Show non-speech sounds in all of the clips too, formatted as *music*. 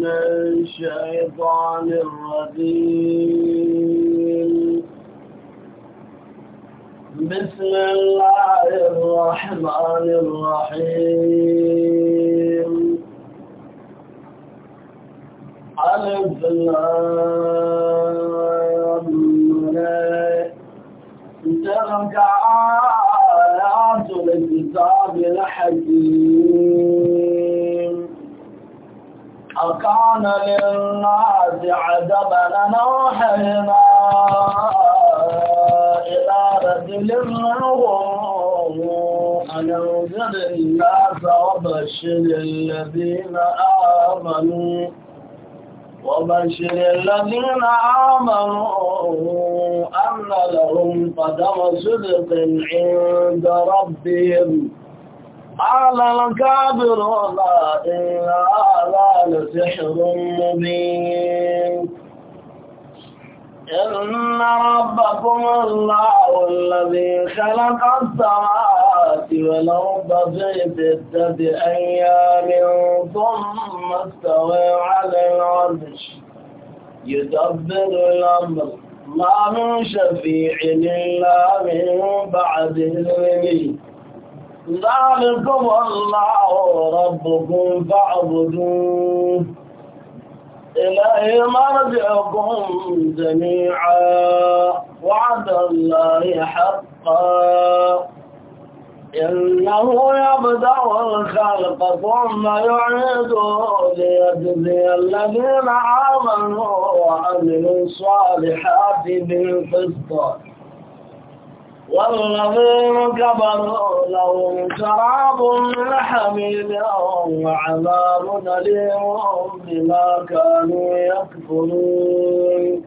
من الشيطان الرجيم بسم الله الرحمن الرحيم ألف تلك آيات الكتاب الحكيم كان للناس عجبا نوحينا إلى رجل منهم أن ينزل الناس وبشر الذين آمنوا وبشر الذين آمنوا أن لهم قدم صدق عند ربهم على الكافرون إلا هذا سحر مبين إن ربكم الله الذي خلق السماوات والأرض في ستة أيام ثم استوى على العرش يدبر الأمر ما من شفيع إلا من بعد إذنه ذلكم الله ربكم فاعبدوه إله مرجعكم جميعا وعد الله حقا إنه يبدأ الخلق ثم يعيده ليجزي الذين آمنوا وعملوا الصالحات بالقسط والذين كفروا لهم شراب من حميد وعذاب أليم بما كانوا يكفرون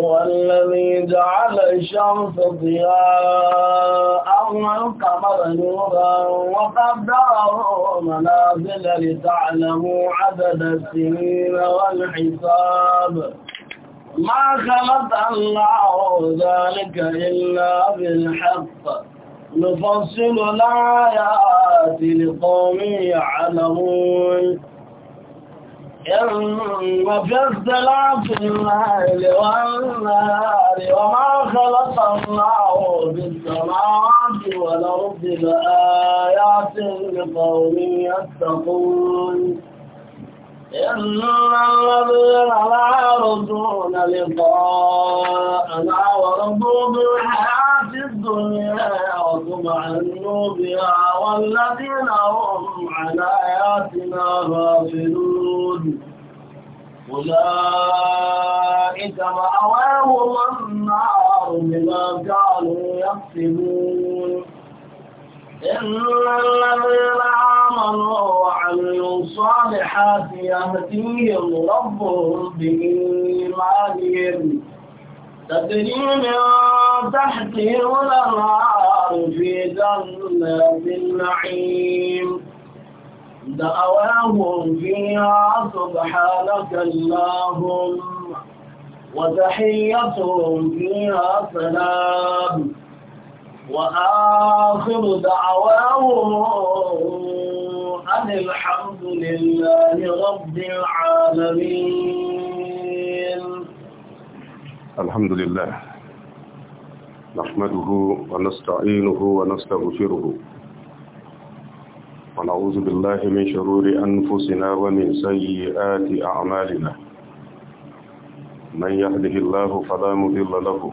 والذي جعل الشمس ضياء والقمر نورا وقدره منازل لتعلموا عدد السنين والحساب ما خلق الله ذلك إلا بالحق نفصل الآيات لقوم يعلمون إن في اختلاف الليل والنهار وما خلق الله بالسماوات والأرض لآيات لقوم يتقون إن الذين لا يرجون لقاءنا ورضوا بالحياة الدنيا وطمأنوا بها والذين هم عن آياتنا غافلون أولئك مأواهم النار بما كانوا يكسبون إن الذين آمنوا وعملوا الصالحات يهديهم ربهم بإيمانهم تدري من تحتهم الأنهار في جنات النعيم دعواهم فيها سبحانك اللهم وتحيتهم فيها سلام وآخر دعواهم أن الحمد لله رب العالمين الحمد لله نحمده ونستعينه ونستغفره ونعوذ بالله من شرور أنفسنا ومن سيئات أعمالنا من يهده الله فلا مضل له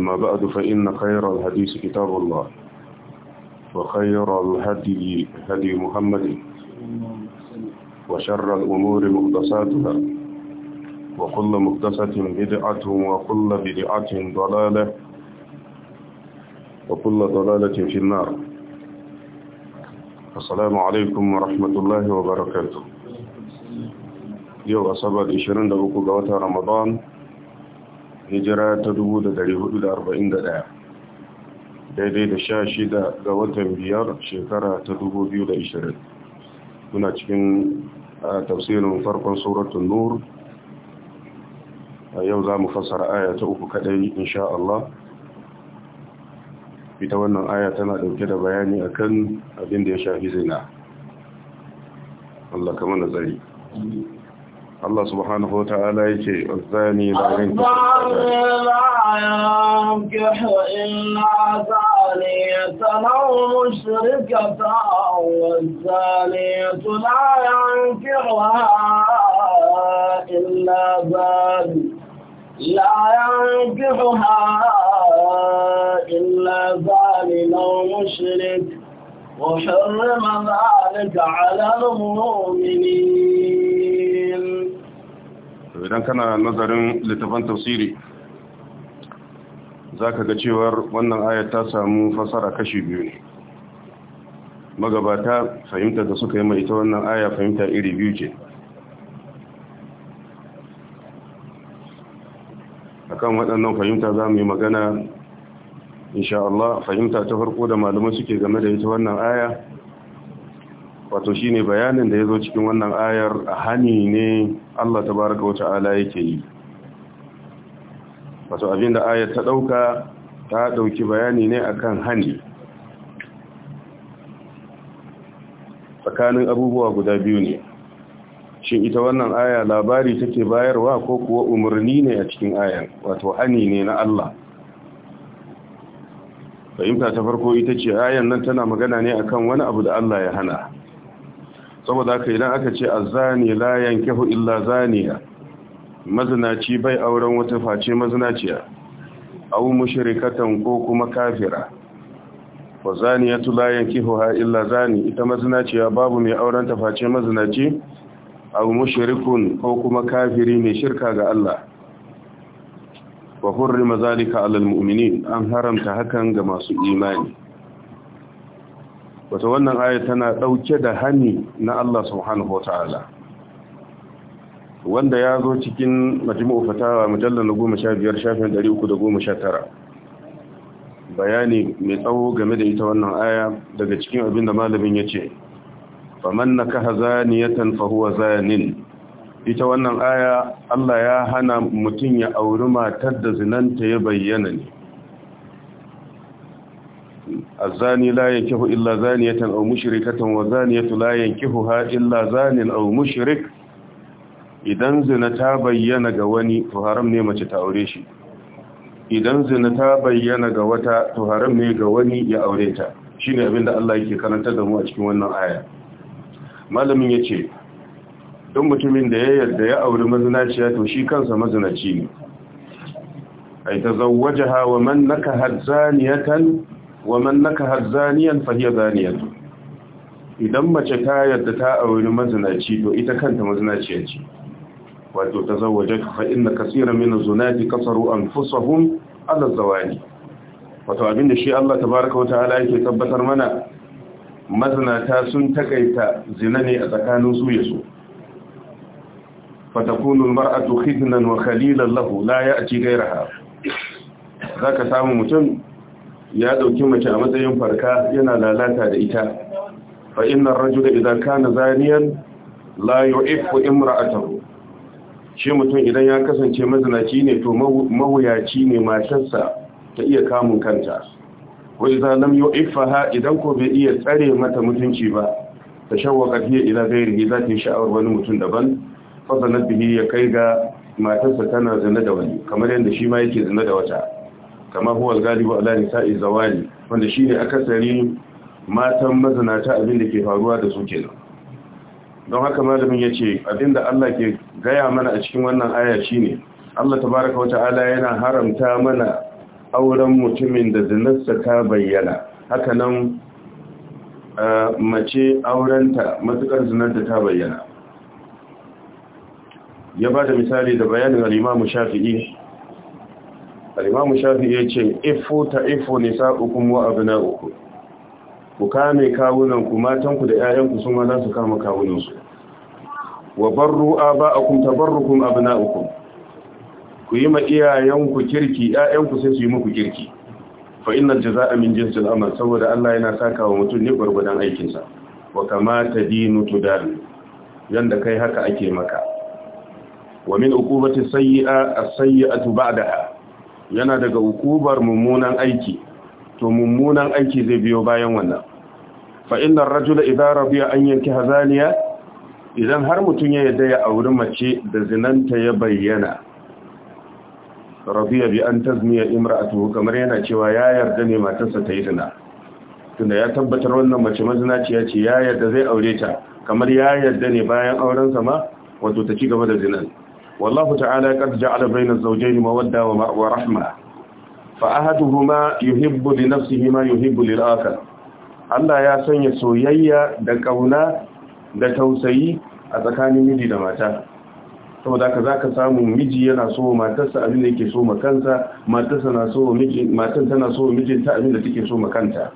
أما بعد فإن خير الحديث كتاب الله وخير الهدي هدي محمد وشر الأمور مقدساتها وكل مقدسة بدعة وكل بدعة ضلالة وكل ضلالة في النار السلام عليكم ورحمة الله وبركاته يوم أصبت 23 رمضان hijira ta 1441 daidai da sha shida ga watan biyar shekara ta 2020 muna cikin tafsirin farkon suratun nur a yau za mu fassara aya ta uku kadai insha Allah ita wannan aya tana dauke da bayani akan abin da ya shafi zina Allah kamar nazari الله سبحانه وتعالى يجي الثاني لا ينكح إلا زانية أو مشركة والزانية لا ينكحها إلا زاني لا ينكحها إلا زاني أو مشرك وحرم ذلك على المؤمنين idan kana nazarin littafan tafsiri zaka ga cewar wannan ayat ta samu fasara kashi biyu ne magabata fahimtar da suka yi mai ita wannan aya fahimta iri biyu ce akan waɗannan fahimta za mu yi magana insha Allah fahimta ta farko da malamai suke game da ita wannan aya wato shine bayanin da ya zo cikin wannan ayar a hani ne Allah ta baraka wata ala yake yi wato abinda ayat ta ɗauka, ta ɗauki bayani ne akan hani tsakanin abubuwa guda biyu ne shin ita wannan aya labari take bayarwa ko kuwa umarni ne a cikin ayan wato hani ne na Allah fahimta ta farko ita ce ayan nan tana magana ne akan wani abu da Allah ya hana saboda haka idan aka ce azani la yankahu illa zaniya mazinaci bai auren wata face mazinaciya aw mushrikatan ko kuma kafira wa zaniyatu la ha, illa zani ita mazinaciya babu mai auren ta face mazinaci aw mushrikun ko kuma kafiri mai shirka ga Allah wa hurrima zalika alal mu'minin an haramta hakan ga masu imani wata wannan aya tana ɗauke da hani na Allah subhanahu wa ta'ala wanda ya zo cikin majmu'u fatawa mujallar na goma sha biyar shafin ɗari uku da goma sha tara bayani mai tsawo game da ita wannan aya daga cikin abin da malamin ya ce faman na kaha zaniyatan fahuwa zanin ita wannan aya Allah ya hana mutum ya auri matar da zinanta ya bayyana ne الزاني لا ينكه إلا زانية أو مشركة والزانية لا ينكهها إلا زان أو مشرك idan zina ta bayyana ga wani to haram ne mace ta aure shi idan zina ta bayyana ga wata to haram ne ga wani ya aure ta shine abin da Allah yake karanta da mu a cikin wannan aya malamin yace don mutumin da ya yarda ya auri mazinaciya to shi kansa mazinaci ne ai tazawwajaha wa man nakaha zaniyatan wa man nakaha zaniyan fa hiya idan mace ta yadda ta auri mazinaci to ita kanta mazinaciya ce wato tazawwajat fa inna kaseeran min az-zunati kasaru anfusahum ala zawani wato abinda shi Allah tabaaraka wa ta'ala yake tabbatar mana mazinata sun takaita zina ne a tsakanin su yaso fatakunu al-mar'atu khidnan wa khalilan lahu la ya'ti ghayraha zaka samu mutum ya dauki mace a matsayin farka yana lalata da ita fa innar rajula idan kana zaniyan la yu'iffu imra'atahu shi mutum idan ya kasance mazinaci ne to mawuyaci ne matarsa ta iya kamun kanta wa idan lam yu'iffaha idan ko bai iya tsare mata mutunci ba ta shawwaka fiye ila ghairihi za ta yi sha'awar wani mutum daban fa sanad bihi ya kai ga matarsa tana zina da wani kamar yadda shi ma yake zina da wata kama huwa al-galibu ala nisa'i zawali wanda shine akasarin matan mazinata abin da ke faruwa da su kenan don haka malamin yace abinda Allah ke gaya mana a cikin wannan aya shine Allah tabaaraka wa ta'ala yana haramta mana auren mutumin da zinarsa ta bayyana haka nan mace aurenta matukar da ta bayyana ya ba da misali da bayanin al-Imam Shafi'i al'imamu shafi ya ce ifo ta ifo ne sa'ukun wa abu na uku ku kame kawunanku matanku da ‘ya'yanku sun ma za su kama kawunansu wa barru a ba a kun tabarrukun abu na uku ku yi ma iyayenku kirki ‘ya'yanku sai su yi muku kirki fa ina jaza a min jinsin amal saboda Allah yana saka wa mutum ne gwargwadon aikinsa wa kamata dinu tudari yanda kai haka ake maka wa min uqubati a as-sayyi'atu ba'daha yana daga hukubar mummunan aiki to mummunan aiki zai biyo bayan wannan fa inna ar-rajula idza rabiya an yanki hazaniya. idan har mutun ya yadda ya auri mace da zinanta ya bayyana rabiya bi an tazmiya imra'atuhu kamar yana cewa ya yarda ne matarsa ta yi zina tunda ya tabbatar wannan mace mazinaciya ce ya yarda zai aure ta kamar ya yarda ne bayan aurensa ma wato ta ci gaba da zinan والله تعالى قد جعل بين الزوجين مودة ورحمة فأحدهما يحب لنفسه ما يحب للآخر Allah ya sanya soyayya da ƙauna da tausayi a tsakanin miji da mata saboda ka zaka samu miji yana so matarsa abin da yake so makansa matarsa matan tana so mijinta abin da take so makanta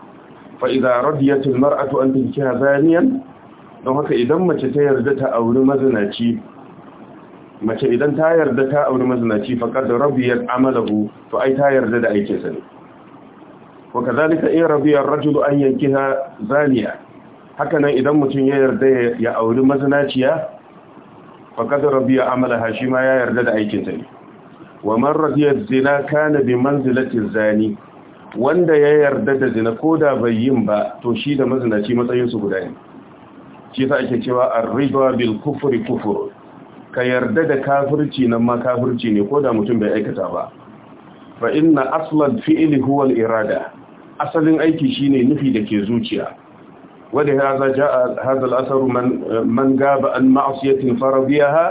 fa idza radiyat al mar'atu an tankiha zaniyan don haka idan mace ta yarda ta auri mazinaci mace idan ta yarda ta auri mazinaci da rabiyar amalahu to ai ta yarda da aikinsa ne wa kadhalika in rabiyar rajulu an yankiha zaniya haka nan idan mutum ya yarda ya auri mazinaciya da rabiyar amalaha shi ma ya yarda da aikinsa ne wa man rabiyar zina kana bi manzilatin zani wanda ya yarda da zina ko da bai yin ba to shi da mazinaci matsayinsu guda ne shi sa ake cewa ar-ridwa bil kufri kufur ka yarda da kafirci nan ma kafirci ne ko da mutum bai aikata ba fa inna aslal fi'li huwa al-irada asalin aiki shine nufi da ke zuciya wanda haza jaa hadha al-athar man man gaba an ma'siyatin faradiyaha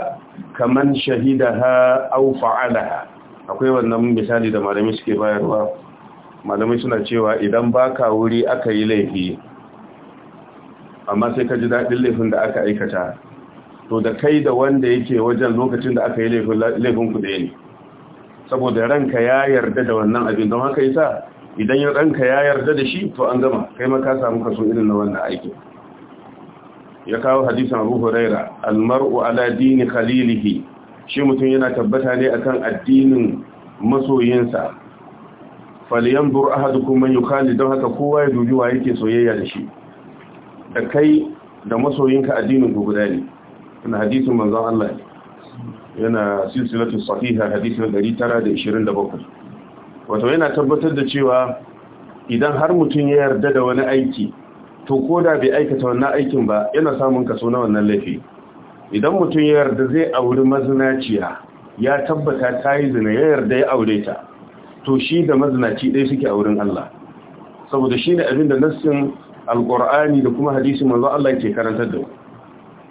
kaman shahidaha aw fa'alaha akwai wannan misali da malami suke bayarwa malamai suna cewa idan baka wuri aka yi laifi amma sai ka ji dadin laifin da aka aikata to da kai da wanda yake wajen lokacin da aka yi laifin ku ɗaya ne saboda ranka ya yarda da wannan abin don haka yasa idan ya ranka ya yarda da shi to an gama kai ma ka samu kaso irin na wannan aiki ya kawo hadisan Abu Huraira al-mar'u ala dini khalilihi shi mutum yana tabbata ne akan addinin masoyinsa bur ahadukum man yukhali don haka kowa ya dubi wa yake soyayya da shi da kai da masoyinka addinin ku guda ne na hadisin manzon Allah yana silsilatu sahiha hadisi na 927 wato yana tabbatar da cewa idan har mutum ya yarda da wani aiki to ko da bai aikata wannan aikin ba yana samun kaso na wannan laifi idan mutum ya yarda zai auri mazinaciya ya tabbata ta yi zina ya yarda ya aure ta to shi da mazinaci ɗaya suke a wurin Allah saboda shi ne abin da nassin alƙur'ani da kuma hadisin manzo Allah ke karantar da mu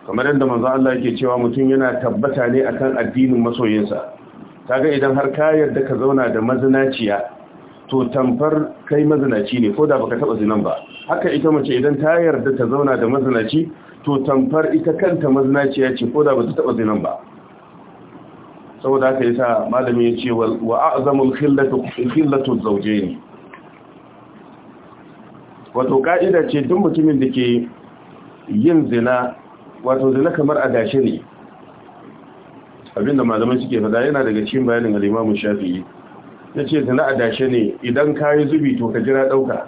kamar yadda manzo Allah yake cewa mutum yana tabbata ne akan addinin masoyinsa kaga idan har ka yarda ka zauna da mazinaciya to tamfar kai mazinaci ne ko da baka taba zinan ba haka ita mace idan ta yarda ta zauna da mazinaci to tamfar ita kanta mazinaciya ce ko da bata taba zinan ba saboda haka yasa malami ya ce wa a'zamul khillatu khillatu zawjayn wato ka'ida ce duk mutumin da ke yin zina wato zina kamar a dashe ne abinda malaman suke fada yana daga cikin bayanin al-imamu shafi'i yace zina a dashe ne idan kayi zubi to ka jira dauka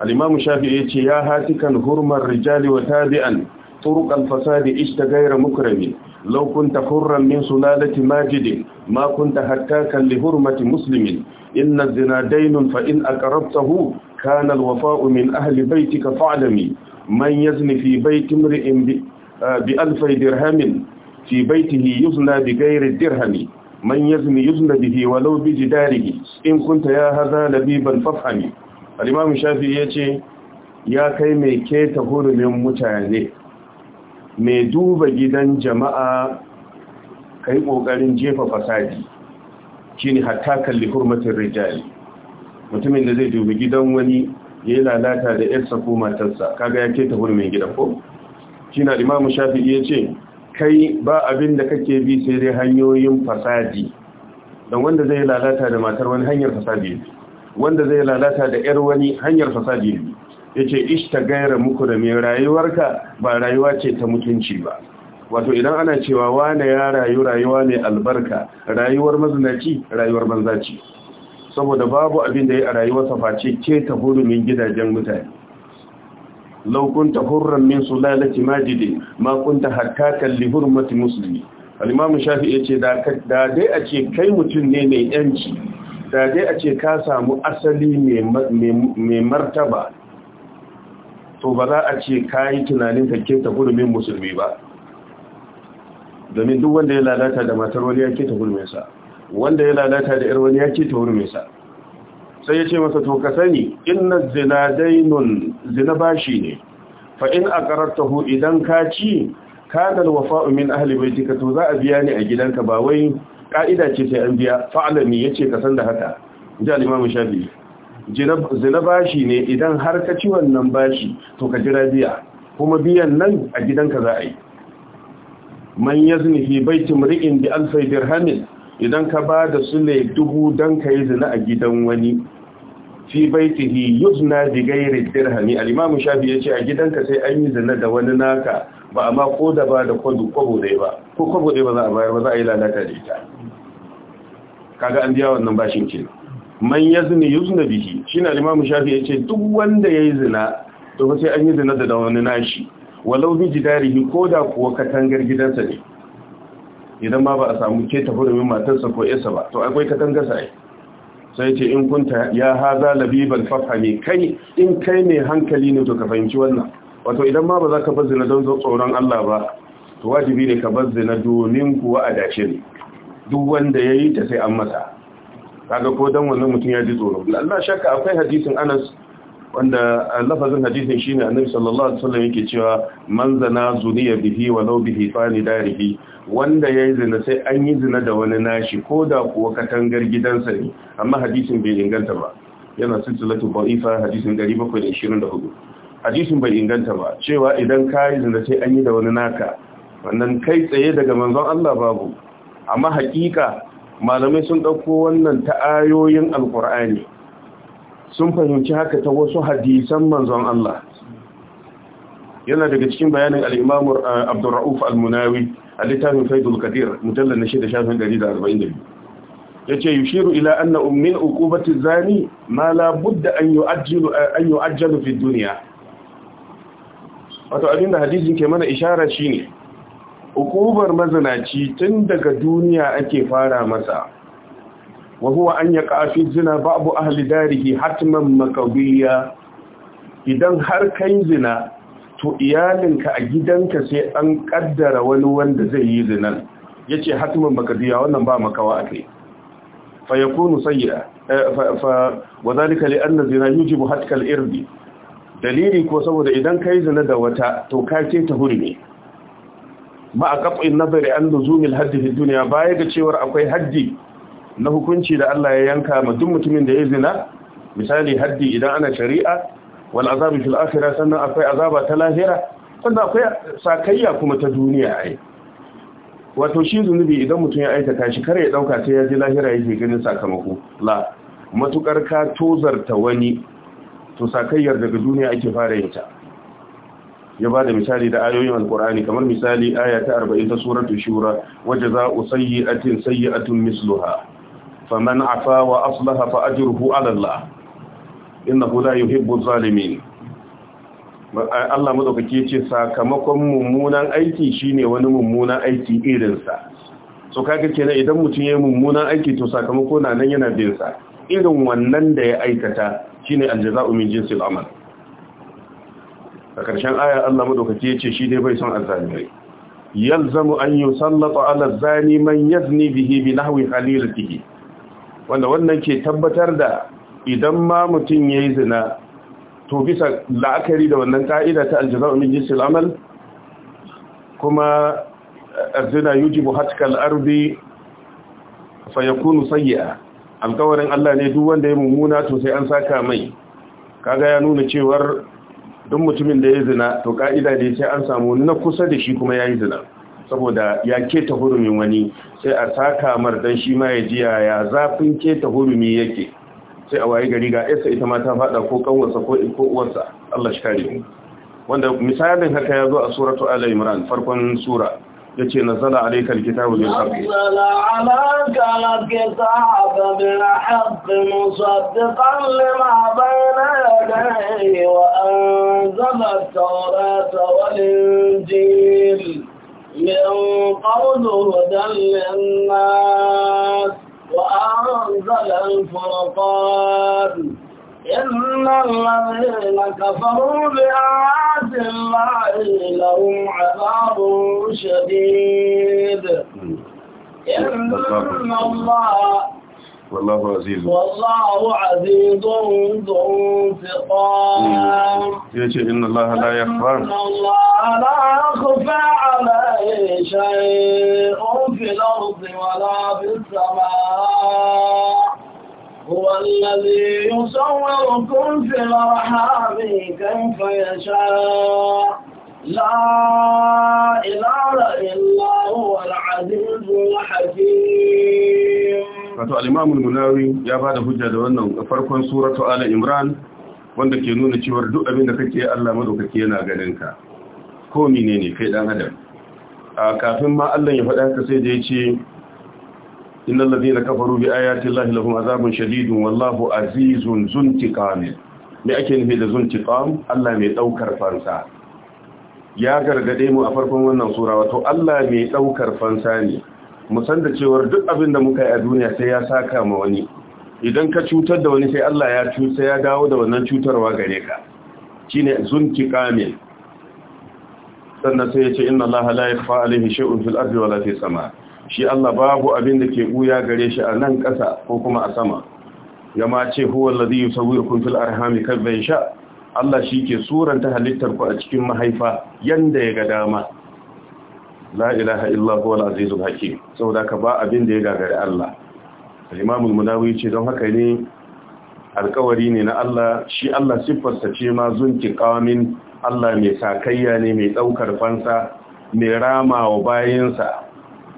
al-imamu shafi'i yace ya hatikan hurmar rijali wa tabi'an turuq al-fasadi ista ghayra mukrami laukunta kunta hurran min sulalati majidin ma kunta hattakan li hurmati muslimin inna az-zina daynun fa in aqrabtahu kana al-wafa'u min ahli baytika fa'lami fa man yazni fi baiti mri'in bi alfai dirhamin fi baitihi yuzna bi ghairi dirhami man yazni yuzna bihi walau bi jidarihi in kunta ya hadha labiban fafhami al-imam shafi'i yace ya kai mai keta hurumin mutane mai duba gidan jama'a kai kokarin jefa fasadi shine hatta kalli hurmatin rijali mutumin da zai dubi gidan wani ya yi lalata da yarsa ko matarsa kaga ya keta mai gida ko shi na imamu shafi'i ya ce kai ba abin da kake bi sai dai hanyoyin fasadi don wanda zai lalata da matar wani hanyar fasadi ne wanda zai lalata da yar wani hanyar fasadi ne ya ce ta gaira muku da mai rayuwarka ba rayuwa ce ta mutunci ba wato idan ana cewa wane ya rayu rayuwa mai albarka rayuwar mazinaci rayuwar banzaci saboda babu abin da ya a rayuwarsa face ce ta hurumin gidajen mutane laukun ta hurran min sulalati majidi ma kunta harka li hurmati musulmi al-imam shafi ya ce da dai a ce kai mutum ne mai yanci da dai a ce ka samu asali mai martaba to ba za a ce ka yi tunanin ke ta hurumin musulmi ba domin duk wanda ya lalata da matar wani ya ke ta sa wanda ya lalata da irwani ya ce ta wuri mai sa sai ya ce masa to ka sani inna zina zina bashi ne fa in aqarartahu idan ka ci kana wafa'u min ahli baitika to za a biya ni a gidanka ba wai ka'ida ce sai an biya fa'alami yace ka san da haka ji al-imam shafi'i zina bashi ne idan har ka ci wannan bashi to ka jira biya kuma biyan nan a gidanka za a yi man yazni fi baitim ri'in bi alfi dirhamin idan ka ba da su ne dubu don ka yi zina a gidan wani fi baitihi yuzna bi gairi dirhami al-imam shafi yace a gidanka sai an yi zina da wani naka ba amma ko da ba da kwado kwabo dai ba ko kwabo dai ba za a bayar ba za a yi lalata da ita kaga an biya wannan bashin ki. man yazni yuzna bihi shine al-imam shafi yace duk wanda yayi zina to sai an yi zina da wani nashi walau bi jidarihi ko da kuwa katangar gidansa ne idan ma ba a samu keta domin matarsa ko yasa ba to akwai katangarsa ai sai ce in kunta ya haza labiban fafhami kai in kai ne hankali ne to ka fahimci wannan wato idan ma ba za ka bazzina don tsoron Allah ba to wajibi ne ka bazzina domin kuwa a dace ne duk wanda yayi ta sai an masa kaga ko dan wannan mutum ya ji tsoro Allah shakka akwai hadisin Anas wanda lafazin hadisin shine annabi sallallahu alaihi wasallam yake cewa man zana zuniya bihi law bihi fani darihi wanda yayi zina sai an yi zina da wani nashi koda kuwa katangar gidansa ne amma hadisin bai inganta ba yana silsilatu ba'ifa hadisin 724 hadisin bai inganta ba cewa idan ka yi zina sai an yi da wani naka wannan kai tsaye daga manzon Allah babu amma hakika malamai sun dauko wannan ta ayoyin alqur'ani sun fahimci haka ta wasu hadisan manzon Allah yana daga cikin bayanin al-Imam eh, Abdurrauf al-Munawi a littafin Faidul kadir mujallal na shida shafin 142 yace yushiru ila anna ummin uqubati zani ma la budda an yu'ajjalu an yu'ajjalu fi dunya wato abinda hadisin ke mana ishara shine uqubar mazanaci tun daga duniya ake fara masa wa huwa an yaqa fi zina babu ahli darihi hatman makawiyya idan har kai zina to iyalinka a gidanka sai an kaddara wani wanda zai yi zinan yace hatman makawiyya wannan ba makawa akai fa yakunu sayya fa wa dhalika li anna zina yujibu hatka al-irdi dalili ko saboda idan kai zina da wata to ka ce ta hurme ma a nazari an luzumil haddi duniya baya ga cewar akwai haddi na hukunci da Allah ya yanka ma duk mutumin da ya zina misali haddi idan ana shari'a wal azabi fil sannan akwai azaba ta lahira sannan akwai sakayya kuma ta duniya ai wato shi zunubi idan mutum ya aikata shi kare ya dauka sai ya ji lahira yake ganin sakamako la matukar ka tozarta wani to sakayyar daga duniya ake fara yin ta ya ba da misali da ayoyin alkur'ani kamar misali aya ta 40 ta suratul shura wajaza'u sayyi'atin sayyi'atun misluha فمن عفا وأصلح فأجره على الله إنه لا يحب الظالمين Allah madaukake ce sakamakon mummunan aiki shine wani mummunan aiki irinsa so kaga kenan idan mutum yayin mummunan aiki to sakamako na nan yana bin sa irin wannan da ya aikata shine aljaza'u min jinsil amal a ƙarshen aya Allah madaukake yace shi dai bai son azzalimi yalzamu an yusallata ala zani man yazni bihi bi nahwi khalilatihi wanda wannan ke tabbatar da idan ma mutum ya yi zina to bisa la'akari da wannan ka'ida ta aljaza'u min amal kuma eh, zina yujibu hatkal ardi fa yakunu sayyi'a alkawarin Allah ne duk wanda ya mummuna to sai an saka mai kaga ya nuna cewar duk mutumin da ya zina to ka'ida ne sai an samu na kusa da shi kuma ya yi zina saboda ya keta hurumin wani sai a saka mar dan shi ma ya jiya ya zafin keta hurumi yake sai a waye gari ga yasa ita ma ta fada ko kanwarsa ko iko uwarsa Allah shi kare wanda misalin haka ya zo a suratu ala imran farkon sura ya ce na zala alaikar kita wuli ya sarki التوراة والإنجيل من قول هدى للناس وأنزل الفرقان إن الذين كفروا بآيات الله لهم عذاب شديد إن الله والله عزيز والله عزيز ذو انتقام يجي إن الله لا يخفى إن الله لا يخفى على شيء في الأرض ولا في السماء هو الذي يصوركم في الأرحام كيف يشاء لا إله إلا هو العزيز الحكيم wato al'imamun munawi ya ba da hujja da wannan farkon suratu ala imran wanda ke nuna cewar duk abin da kake Allah madaukake yana ganinka ko ne, kai ɗan adam kafin ma Allah ya faɗa haka sai da ya ce innal ladina kafaru bi ayati llahi lafi azabun shadidun wallahu azizun zuntiqam me ake nufi da zuntiqam Allah mai ɗaukar fansa ya gargade mu a farkon wannan sura wato Allah mai ɗaukar fansa ne musan da cewar duk abin da muka yi a duniya sai ya saka ma wani idan ka cutar da wani sai Allah ya cuta ya dawo da wannan cutarwa gare ka shine zuntiqam sannan sai ya ce inna Allah la yakhfa alaihi shay'un fil ardi wala fis sama shi Allah babu abin da ke buya gare shi a nan ƙasa ko kuma a sama yama ce huwal ladhi yusawwirukum fil arham kayfa yasha Allah shi ke suranta halittar ku a cikin mahaifa yanda ya ga dama la ilaha illa huwa al-azizul hakim saboda ka ba abin da ya gagare Allah Imam al ce don haka ne alkawari ne na Allah shi Allah siffarsa ce ma zunkin qawamin Allah mai sakayya ne mai ɗaukar fansa mai rama wa bayansa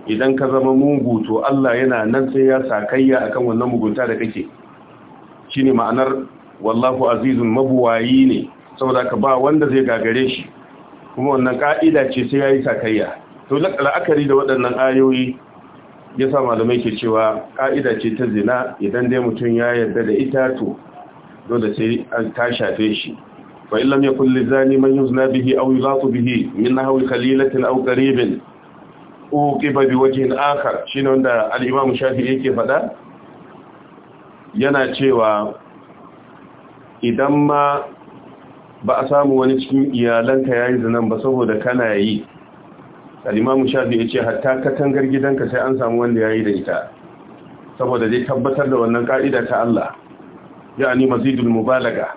idan ka zama mugu to Allah yana nan sai ya sakayya akan wannan mugunta da kake shine ma'anar wallahu azizun mabuwayi ne saboda ka ba wanda zai gagare shi kuma wannan ka'ida ce sai yayi sakayya to la'akari da waɗannan ayoyi ya sa malamai ke cewa ka'ida ce ta zina idan dai mutum ya yarda da ita to dole sai ta shafe shi فإن لم يكن للزاني من يزنى به أو يلاط به من نحو خليلة أو قريب أوقب بوجه آخر شين عند الإمام الشافعي كيف دا yana cewa idan ma ba a samu wani cikin iyalanka yayi zinan ba saboda kana yi al-imamu shafi yace hatta katangar gidanka sai an samu wanda yayi da ita saboda zai tabbatar da wannan ka'ida ta Allah ya'ani mazidul mubalaga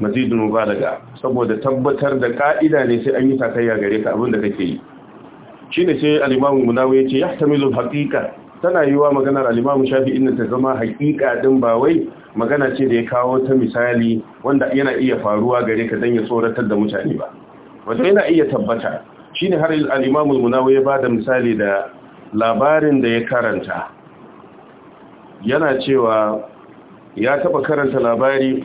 mazidun mubalaga saboda tabbatar da ka'ida ne sai an yi takayya gare ka abinda kake yi shine sai al ce, munawi yace yahtamilu haqiqa tana yiwa maganar al-imamu shafi'in ta zama haqiqa ɗin ba wai magana ce da ya kawo ta misali wanda yana iya faruwa gare ka dan ya tsoratar da mutane ba wanda yana iya tabbata shine har al-imamu munawi ba da misali da labarin da ya karanta yana cewa ya taba karanta labari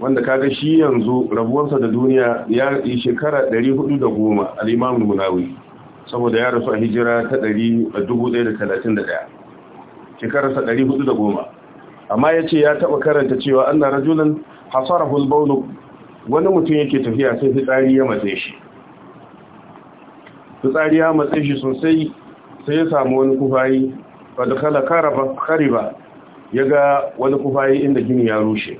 wanda kaga shi yanzu rabuwarsa da duniya ya yi shekara 410 al'imamun Munawi saboda ya rasu a hijira ta 1131 shekararsa 410 amma yace ya taba karanta cewa na rajulan hasarahu al-bawl wani mutum yake tafiya sai fitsari ya matse shi fitsari ya matse shi sosai sai ya samu wani kufayi wadda kala kariba ya ga wani kufayi inda gini ya rushe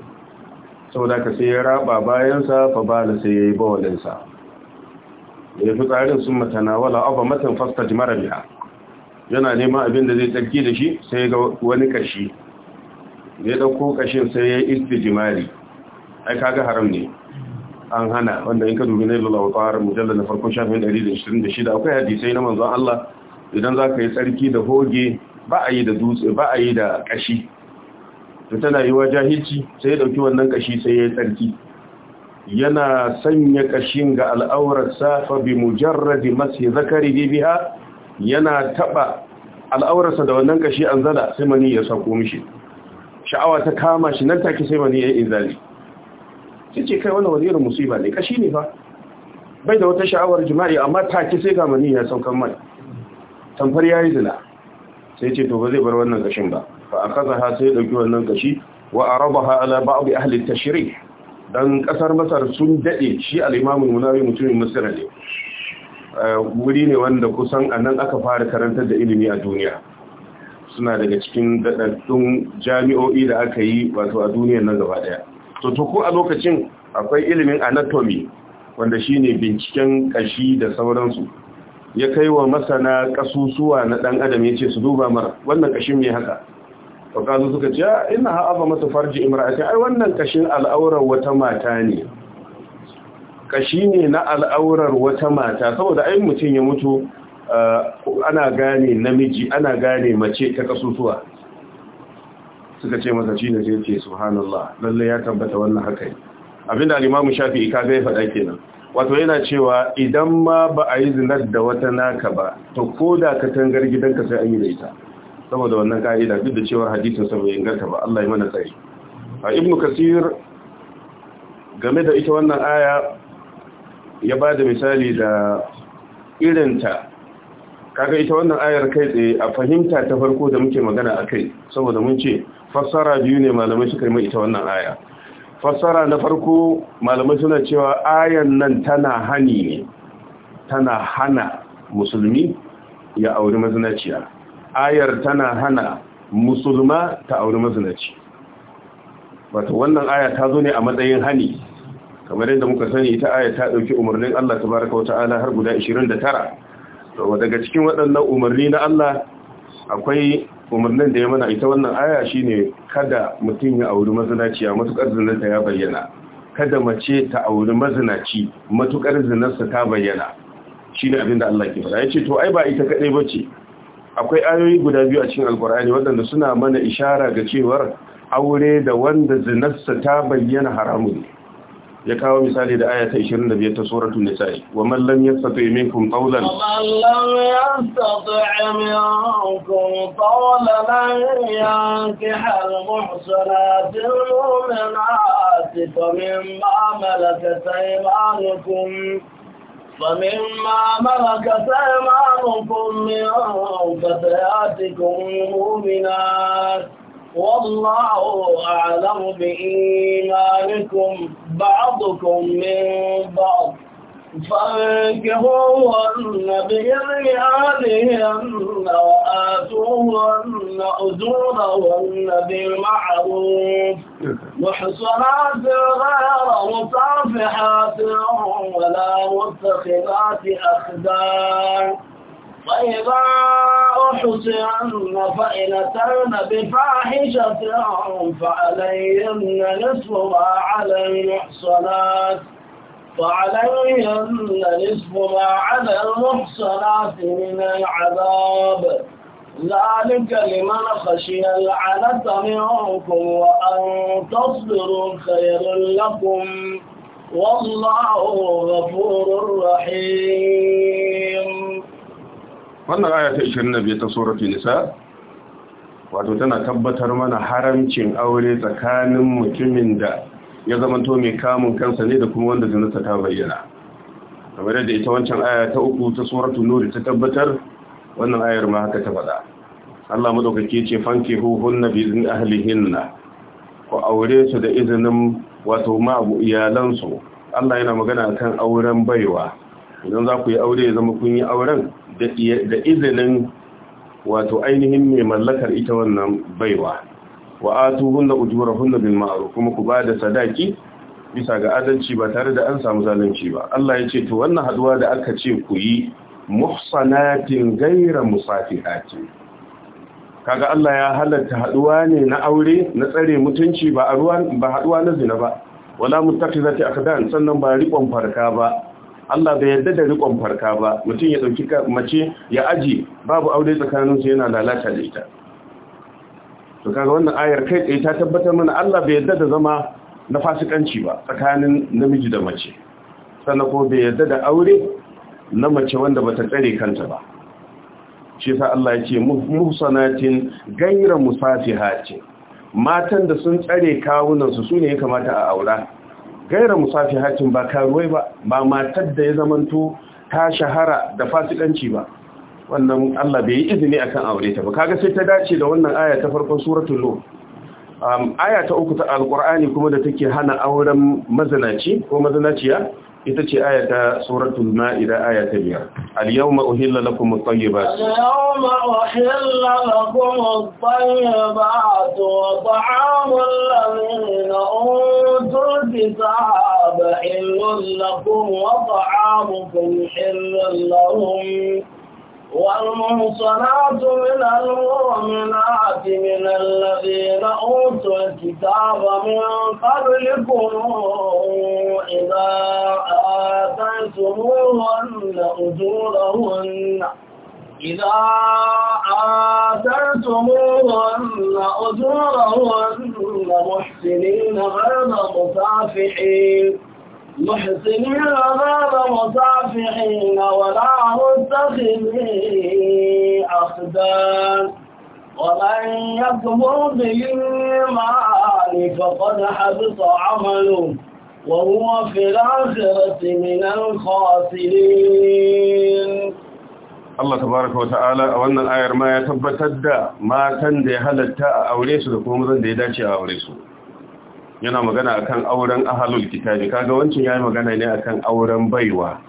saboda ka sai ya raba bayansa fa bala sai ya yi bawalinsa ya fi tsarin sun matana wala abu matan fasta jimara biya yana neman abin da zai tsarki da shi sai ga wani kashi ya ɗauko kashin sai ya yi istijimari ai kaga haram ne an hana wanda in ka dubi na ilula wa tsarin mujallar na farkon shafin 126 akwai hadisai na manzon Allah idan za ka yi tsarki da hoge ba a yi da dutse ba a yi da kashi to tana yi wa jahilci sai ya ɗauki wannan ƙashi sai ya yi tsarki yana sanya kashin ga al'aurar fa bi mujarradi masu zakari biha yana taɓa al'aurarsa da wannan ƙashi an zala sai mani ya sako mishi sha'awa ta kama shi nan take sai mani ya yi inzali sai ce kai wani wani musiba ne ƙashi ne fa bai da wata sha'awar jima'i amma take sai ga mani ya saukan mai tamfar ya yi zina sai ce to ba zai bar wannan ƙashin ba fa ha sai dauki wannan kashi wa arabaha ala ba'd ahli tashrih dan kasar masar sun dade shi al-imam al-munawi mutumin masar ne eh, wuri ne wanda kusan anan aka fara karantar da ilimi a duniya suna daga cikin daɗaɗɗun jami'o'i da aka yi wato a duniyar nan gaba ɗaya. to to ko a lokacin akwai ilimin anatomy wanda shine binciken ƙashi da sauransu ya kai wa masana ƙasusuwa na dan adam ce su duba mara wannan ƙashin ne haka faƙazu suka ce ina haɓa mata farji imra'ati ai wannan kashin al'aurar wata mata ne kashi ne na al'aurar wata mata saboda ai mutum ya mutu eh, ana gane namiji ana gane mace ta kasusuwa suka ce masa shine sai ce subhanallah lalle ya tabbata wannan haka ne abinda al-imamu shafi'i kaga ya faɗa kenan wato yana cewa idan ma ba a yi zinar da wata naka ba to ko da katangar gidanka sai an yi da ita saboda wannan ka'ida duk da cewa hadisin saboda bai inganta ba Allah ya mana tsari a ibnu kasir game da ita wannan aya ya ba da misali da irinta kaga ita wannan ayar kai tsaye a fahimta ta farko da muke magana a kai saboda mun ce fassara biyu ne malamai suka yi mai ita wannan aya fassara na farko malamai suna cewa ayan nan tana hani ne tana hana musulmi ya auri mazinaciya ayar tana hana musulma ta auri mazinaci wato wannan aya ta zo ne a matsayin hani kamar yadda muka sani ita aya ta ɗauki umarnin Allah tabaraka wa ta'ala har guda 29 to daga cikin waɗannan umarni na Allah akwai umarnin da ya mana ita wannan aya shine kada mutum ya auri mazinaci, a matukar zinarta ya bayyana kada mace ta auri mazinaci matukar zinarsa ta bayyana shine abin da Allah ke faɗa ce to ai ba ita kadai bace akwai ayoyi guda biyu a cikin alkur'ani waɗanda suna mana ishara ga cewar aure da wanda zinarsa ta bayyana haramun ya kawo misali da aya ta 25 ta suratul nisa wa man lam yastati minkum qawlan man فمما ملكت أيمانكم من فتياتكم مؤمنات والله أعلم بإيمانكم بعضكم من بعض فانكهوهن بإذيانهن وآتوهن أجورهن بالمعروف محصنات غير مصافحات ولا متخذات أخدان فإذا أحسن فإن أتين بفاحشة فعليهن نصف ما على المحصنات وعليهن نصف ما على المحصنات من العذاب ذلك لمن خشي العنة منكم وأن تصبروا خير لكم والله غفور رحيم wannan aya ta 25 ta suratul nisa wato tana tabbatar mana haramcin aure tsakanin mutumin da ya zamanto mai kamun kansa ne da kuma wanda zinarsa ta bayyana kamar da ita wancan aya ta uku ta suratul nuri ta tabbatar wannan ayar ma haka ta faɗa Allah madaukake ce fanke fanki hunna bi izni ahlihinna ko aure su da izinin wato ma iyalansu Allah yana magana a kan auren baiwa idan za ku yi aure ya zama kun yi auren da izinin wato ainihin mai mallakar ita wannan baiwa wa ujura hunna bil ma'ruf kuma ku bada sadaki bisa ga adalci ba tare da an samu zalunci ba Allah ya ce to wannan haduwa da aka ce ku yi muhsanatin gaira musafihatin kaga Allah ya halatta haduwa ne na aure na tsare mutunci ba ruwa ba haduwa na zina ba wala muttaqizati akdan sannan ba riƙon farka ba Allah bai yarda da riƙon farka ba mutum ya dauki mace ya aji babu aure tsakaninsu yana lalata da ita to kaga wannan ayar kai tsaye ta tabbatar mana Allah bai yarda da zama na fasikanci ba tsakanin namiji da mace sannan ko bai yarda da aure na mace wanda bata tsare kanta ba shi yasa Allah ya ce muhsanatin ghayra musafihati matan da sun tsare kawunan su sune ya kamata a aura ghayra musafihatin ba karuwai ba ba matar da ya zamanto ta shahara da fasikanci ba wannan Allah bai yi izini akan aure ta ba kaga sai ta dace da wannan aya ta farkon suratul nur um aya ta uku ta alqur'ani kuma da take hana auren mazanaci ko mazanaciya ita ce aya ta suratul ma'ida aya ta biyar al-yawma uhilla lakum at-tayyibat al-yawma uhilla lakum at-tayyibat wa ta'amul ladina utul kitaba illal lakum wa ta'amukum illal lahum والمحصنات من المؤمنات من الذين أوتوا الكتاب من قبلكم إذا آتيتموهن أجورهن إذا آتيتموهن أجورهن محسنين غير مسافحين محسني غير مصافحين ولا متخذي أخدان ومن يكبر بالمعال فقد حبط عمله وهو في الآخرة من الخاسرين الله تبارك وتعالى وأن الآير ما يتبتد ما تندي هل التاء أوليس لكم ذن ديداتي أوليسون yana magana akan auren ahalul kitabi kaga wancan yayi magana ne akan auren baiwa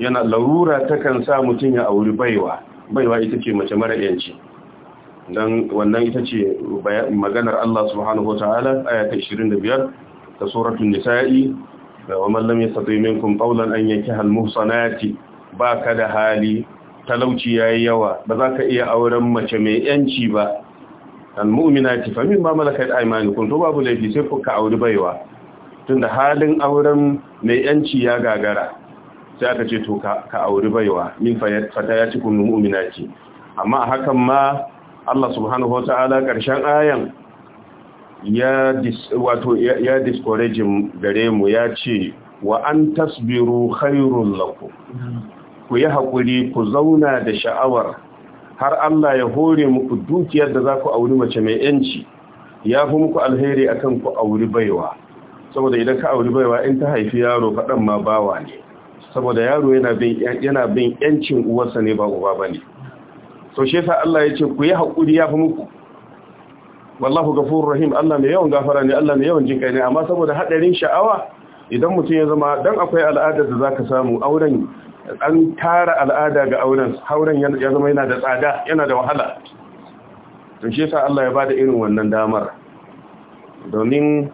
yana larura takan sa mutum ya auri baiwa baiwa ita ce mace mara yanci dan wannan ita ce maganar Allah subhanahu wataala ayat da 25 ta suratul nisa'i wa man lam yastati minkum qawlan an yankaha muhsanati baka da hali talauci yayi yawa ba za ka iya auren mace mai yanci ba al-mu'minati fa mimma malakat aymanukum to babu laifi sai ku ka auri baiwa tunda halin auren mai yanci ya gagara sai aka ce to ka auri baiwa min fata ya cikin mu'minati amma hakan ma Allah subhanahu wata'ala karshen ayan ya wato ya discourage gare mu ya ce wa an tasbiru khairul lakum mm. ku yi hakuri ku zauna da sha'awar har Allah ya hore muku dukiyar da za ku auri mace mai yanci ya fi muku alheri akan ku auri baiwa saboda idan ka auri baiwa in ta haifi yaro faɗan ma bawa ne saboda yaro yana bin yancin uwarsa ne ba uba ba ne so shi sa Allah ya ce ku yi haƙuri ya fi muku wallahu gafurur rahim Allah mai yawan gafara ne Allah mai yawan jin kai ne amma saboda haɗarin sha'awa idan mutum ya zama dan akwai al'adar da zaka samu auren an tara al'ada ga auren hauren ya zama yana da tsada yana da wahala to shi sa Allah ya bada irin wannan damar domin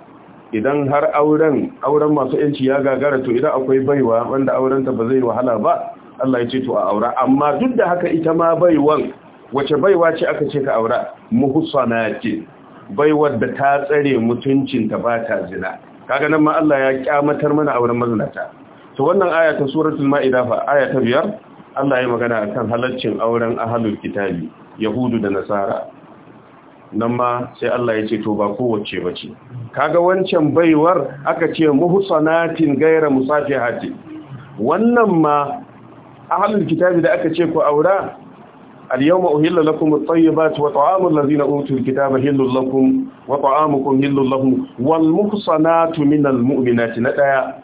idan har auren auren masu yanci ya gagara to idan akwai baiwa wanda aurenta ba zai wahala ba Allah ya ce to a aura amma duk da haka ita ma baiwan wace baiwa ce aka ce ka aura muhsana ce baiwar da ta tsare mutuncinta ba ta zina kaga nan ma Allah ya kyamatar mana auren mazinata to wannan aya ta suratul ma'ida fa aya ta biyar Allah ya magana akan halaccin auren ahlul kitabi yahudu da nasara nan ma sai Allah ya ce to ba kowace bace kaga wancan baiwar aka ce muhsanatin gaira musafihati wannan ma ahlul kitabi da aka ce ku aura al-yawma uhilla lakum at-tayyibatu wa ta'amul ladzina utul kitaba hillul lakum wa ta'amukum hillul lahum wal mu'minati na daya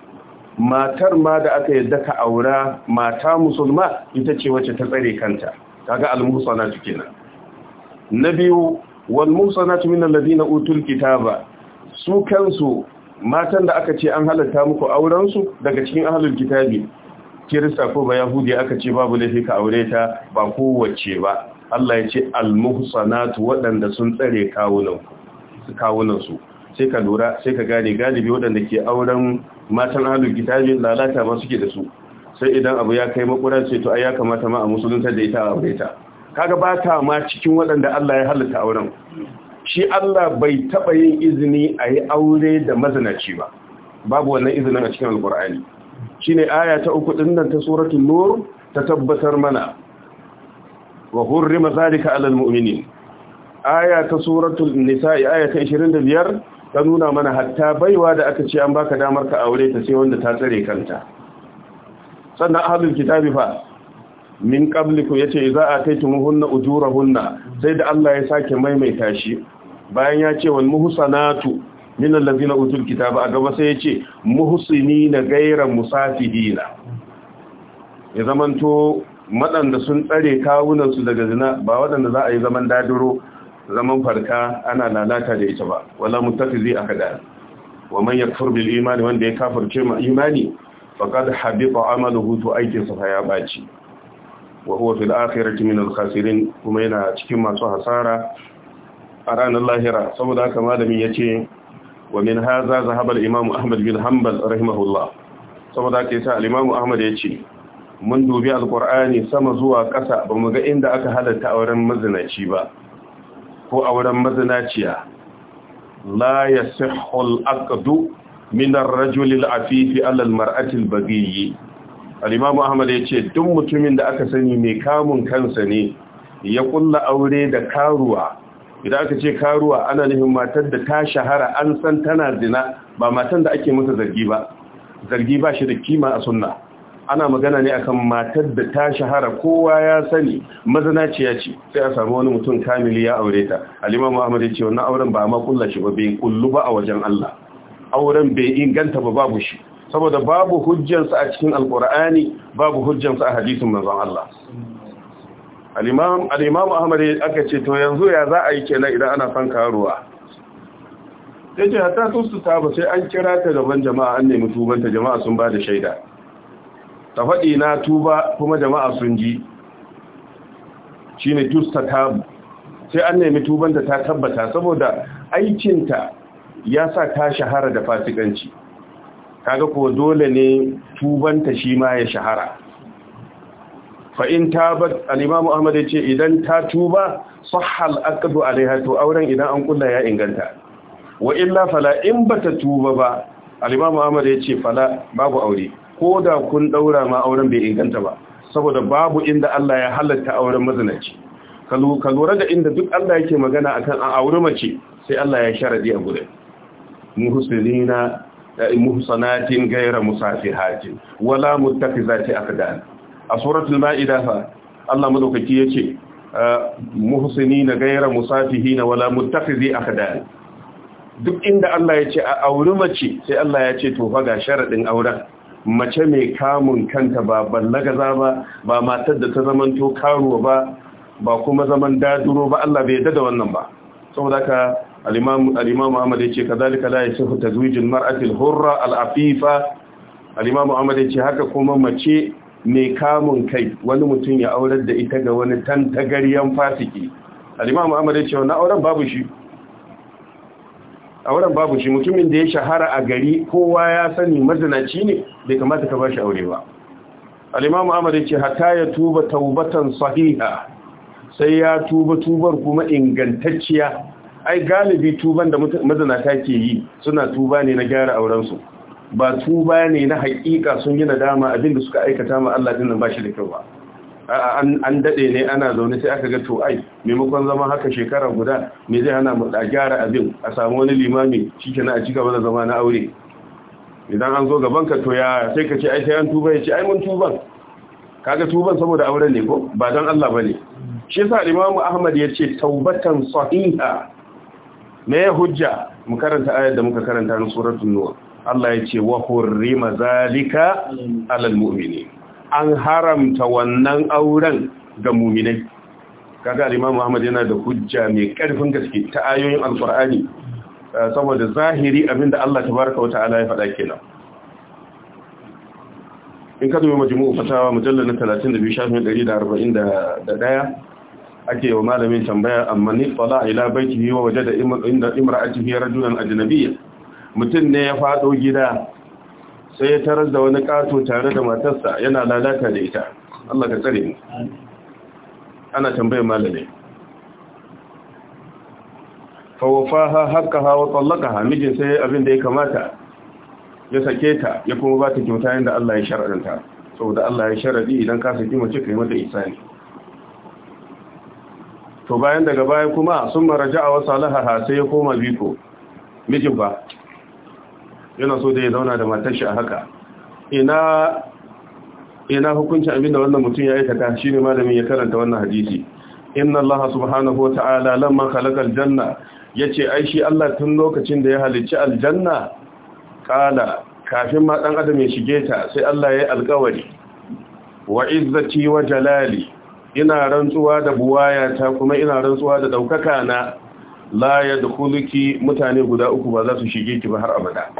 matar ma da aka yadda ka aura mata musulma ita ce wacce ta tsare kanta kaga al-muhsanatu kenan na biyu wal muhsanatu min alladhina utul kitaba su kansu matan da aka ce an halatta muku auren su daga cikin ahlul kitabi kirista ko ba yahudi aka ce babu laifi ka aure ta ba kowace ba Allah ya ce al muhsanat waɗanda sun tsare kawunan su sai ka lura sai ka gane galibi waɗanda ke auren matan ahlul kitabi lalata ma suke da su sai idan abu ya kai makura ce to ai ya kamata ma a musulunta da ita a aure ta kaga ba ta ma cikin waɗanda Allah ya halitta auren shi Allah bai taɓa yin izini a yi aure da mazanaci ba babu wannan izinin a cikin alkur'ani shi ne aya ta uku ɗinnan ta suratun nur ta tabbatar mana wa hurri mazalika alal mu'minin aya ta suratun nisa'i aya ta 25 ka nuna mana hatta baiwa da aka ce an baka damar ka aure ta sai wanda ta tsare kanta sannan ahlul kitabi fa min qabliku yace za a kai tumuhunna ujurahunna sai da Allah ya sake maimaita shi bayan ya ce wal muhsanatu min allazina utul kitaba a gaba sai yace muhsinina ghayra musafidina ya zamanto da sun tsare kawunan su daga zina ba wadanda za a yi zaman dadiro zaman farka ana lalata da ita ba wala mutafizi akada wa man yakfur bil imani wanda ya kafirce ma imani faqad habita amaluhu to aikin sa ya baci wa huwa fil akhirati min al khasirin kuma yana cikin masu hasara a ranar lahira saboda haka malamin yace wa min hadha zahaba al imam ahmad bin hanbal rahimahullah saboda haka yasa al imam ahmad yace mun dubi al qur'ani sama zuwa ƙasa bamu ga inda aka halatta auren mazinaci ba ko auren mazinaciya la ya sihul aqdu min ar-rajul al-afif ala al marat al-baghi al-imam ahmad yace duk mutumin da aka sani mai kamun kansa ne ya kulla aure da karuwa idan aka ce karuwa ana nufin matar da ta shahara an san tana zina ba matan da ake mata zargi ba zargi ba shi da kima a sunna ana magana ne akan matar da ta shahara kowa ya sani mazanaciya ce sai a samu wani mutum kamili ya aure ta alimamu ahmad ya ce wannan auren ba ma kulla shi ba bai kullu ba a wajen Allah auren bai inganta ba babu shi saboda babu hujjansa a cikin alkur'ani babu hujjansa a hadisin manzon Allah alimam imam ahmad aka ce to yanzu ya za a yi kenan idan ana son karuwa yace hatta su ta ba sai an kira ta gaban jama'a an nemi tubanta jama'a sun ba da shaida ta faɗi na tuba kuma jama'a sun ji shi ne tusta tabu sai an nemi tuban da ta tabbata saboda aikinta ya sa ta shahara da fasikanci kaga ko dole ne tubanta shi ma ya shahara fa'in ba al'imamu ahmad ya ce idan ta tuba sahal akadu alaiha to auren idan an kula ya inganta wa illa fala in ta tuba ba al'imamu ahmad ya ce fala babu aure ko da kun daura ma auren bai inganta ba saboda babu inda Allah ya halatta auren mazinaci ka lura da inda duk Allah yake magana akan a auri mace sai Allah ya sharadi a gurin muhsinina eh, muhsanatin ghayra musafihatin wala muttakhizati aqdan a suratul maida fa Allah madaukaki yace ah, muhsinina ghayra musafihina wala muttakhizati aqdan duk inda Allah ya ce a auri mace sai Allah ya ce to fa ga sharadin auren mace mai kamun kanta ba ballagaza ba ba matar da ta zamanto karuwa ba ba kuma zaman daduro ba Allah bai dada da wannan ba saboda ka al-imam al-imam Muhammad yace kadalika la yasihu tazwijul maratil al-hurra al-afifa al-imam Muhammad yace haka kuma mace mai kamun kai wani mutum ya aurar da ita ga wani tantagaryan fasiki al-imam Muhammad yace wannan auren babu shi auren babu shi mutumin da ya shahara a gari kowa ya sani mazinaci ne bai kamata ka bashi aure ba al imam Ahmad yace hatta ya tuba taubatan sahiha sai ya tuba tubar kuma ingantacciya ai galibi tuban da mazinata ke yi suna tuba ne na gyara auren ba tuba ne na haƙiƙa sun yi nadama abinda suka aikata ma Allah ba bashi da kyau ba an daɗe ne ana zaune sai aka ga to ai maimakon zama haka shekara guda me zai hana mu gyara abin a samu wani limami shike na a cika mana zama na aure idan an zo gaban ka to ya sai ka ce ai sai an tuba ya ce ai mun tuban kaga tuban saboda auren ne ko ba dan Allah bane shi yasa Imam Ahmad ya ce taubatan sahiha me hujja mu karanta ayar da muka karanta na suratul nur Allah ya ce wa hurrima zalika alal mu'minin an haramta wannan auren ga muminai kaga al-Imam Muhammad yana da hujja mai karfin gaske ta ayoyin Al-Qur'ani eh, saboda zahiri abinda Allah ta wa ta'ala ya faɗa kenan in ka dubi majmu'u fatawa mujallal na 32 shafin 141 ake wa malamin tambaya amma ni fala ila baitihi wa wajada imra'atihi rajulan ajnabiyya mutum ne ya fado gida sai ya tarar da wani ƙato tare da matarsa yana lalata da ita Allah ka tsare mu ana tambayar malami fa wafaha haqqaha wa talaqaha mijin sai abin da ya kamata ya sake ta ya kuma ba ta kyauta yanda Allah ya sharadanta saboda Allah ya sharadi idan ka saki mace kai mata isani to bayan daga baya kuma sun maraja'a wa salahaha sai ya koma biko mijin ba yana so da ya zauna da matar shi a haka ina ina hukunci abinda wannan mutum ya aikata shine malamin ya karanta wannan hadisi inna allaha subhanahu wata'ala lamma khalaqal janna yace ai shi Allah tun lokacin da ya halicci aljanna kala kafin ma dan adam ya shige ta sai Allah ya alƙawari wa izzati wa jalali ina rantsuwa da buwaya ta kuma ina rantsuwa da daukaka na la yadkhuluki mutane guda uku ba za su shige ki ba har abada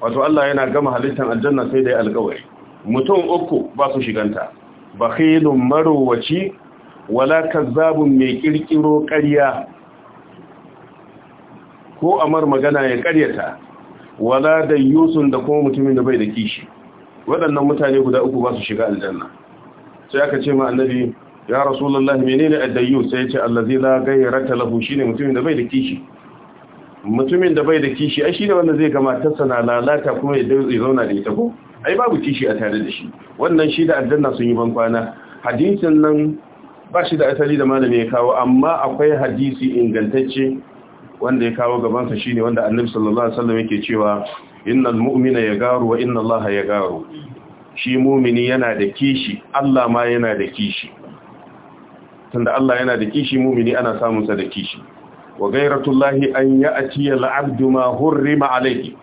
wato Allah yana gama halittar aljanna sai da alƙawari alkawari mutum uku ba su shiganta bakhilun marowaci wala kazzabun mai kirkiro ƙarya ko amar magana ya ƙaryata wala da yusun da kuma mutumin da bai da kishi waɗannan mutane guda uku ba su shiga aljanna sai aka ce ma annabi ya rasulullahi menene addayyu sai ya ce allazi la ghayrata lahu shine mutumin da bai da kishi mutumin da bai da kishi ai shi ne wanda zai ta sana lalata kuma ya zauna da ita ko ai babu kishi a tare da shi wannan shi da aljanna sun yi ban kwana hadisin nan ba shi da asali da malami ya kawo amma akwai hadisi ingantacce wanda ya kawo gabansa shine wanda annabi sallallahu alaihi wasallam yake cewa innal mu'mina yagaru wa inna allaha yagaru shi mumini yana da kishi Allah ma yana da kishi tunda Allah yana da kishi mumini ana samun sa da kishi wa gairatullahi an ya atiya al'abdu ma hurrima alayhi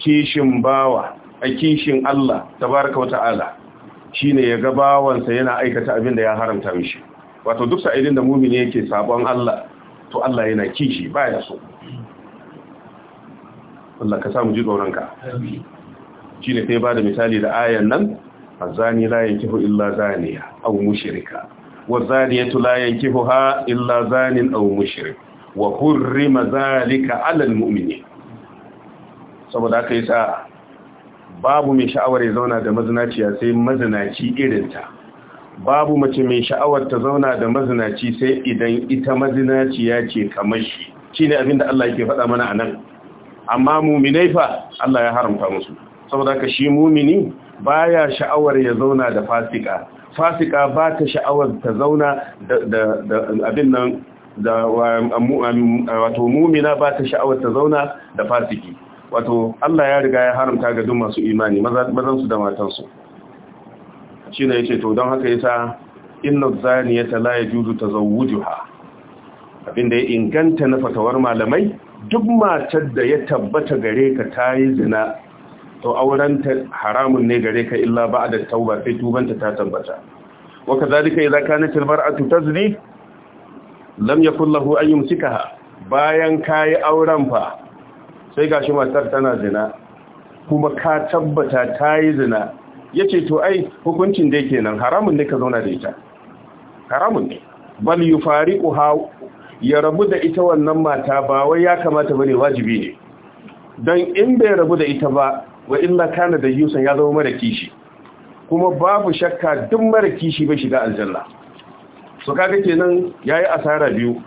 kishin bawa a kishin Allah tabaraka wa ta'ala shine ya ga bawansa yana aikata abin da ya haramta mishi wato duk sa'idin da mumini yake sabon Allah to Allah yana kishi baya so Allah ka samu ji tsoronka shi sai bada misali da ayan nan a zani layan kihu illa zaniya au mushirika wa zaniyatu layan kihu ha illa zanin au mushirik wa hurrima zalika alal mu'mini saboda kai sa babu mai sha'awar ya zauna da mazinaciya sai mazinaci ta. babu mace mai sha'awar ta zauna da mazinaci sai idan ita mazinaci ya ce kamar shi shine abinda Allah yake faɗa mana anan amma mu'minai fa Allah ya haramta musu saboda ka shi mu'mini baya sha'awar ya zauna da fasika fasika ba ta sha'awar ta zauna da abin nan da wato mumina ba ta sha'awar ta zauna da fasiki wato Allah ya riga ya haramta ga duk masu imani mazan su da matansu shine yace to don haka yasa inna zaniyata la yajuzu Abin abinda ya inganta na fatawar malamai duk matar da ya tabbata gare ka tayi zina to aurenta haramun ne gare ka illa ba'da tauba sai tubanta ta tabbata wa kadhalika idza kanat al-mar'atu tazni lam yakul lahu an yumsikaha bayan kayi auren fa sai gashi matar tana zina kuma ka tabbata tayi zina yace to ai hukuncin da yake nan haramun ne ka zauna da ita haramun ne bal yufariquha ya rabu da ita wannan mata ba wai ya kamata bane wajibi ne dan in bai rabu da ita ba wa illa kana da yusan ya zama mara kishi kuma babu shakka duk mara kishi bai shiga aljanna su kaga kenan yayi asara biyu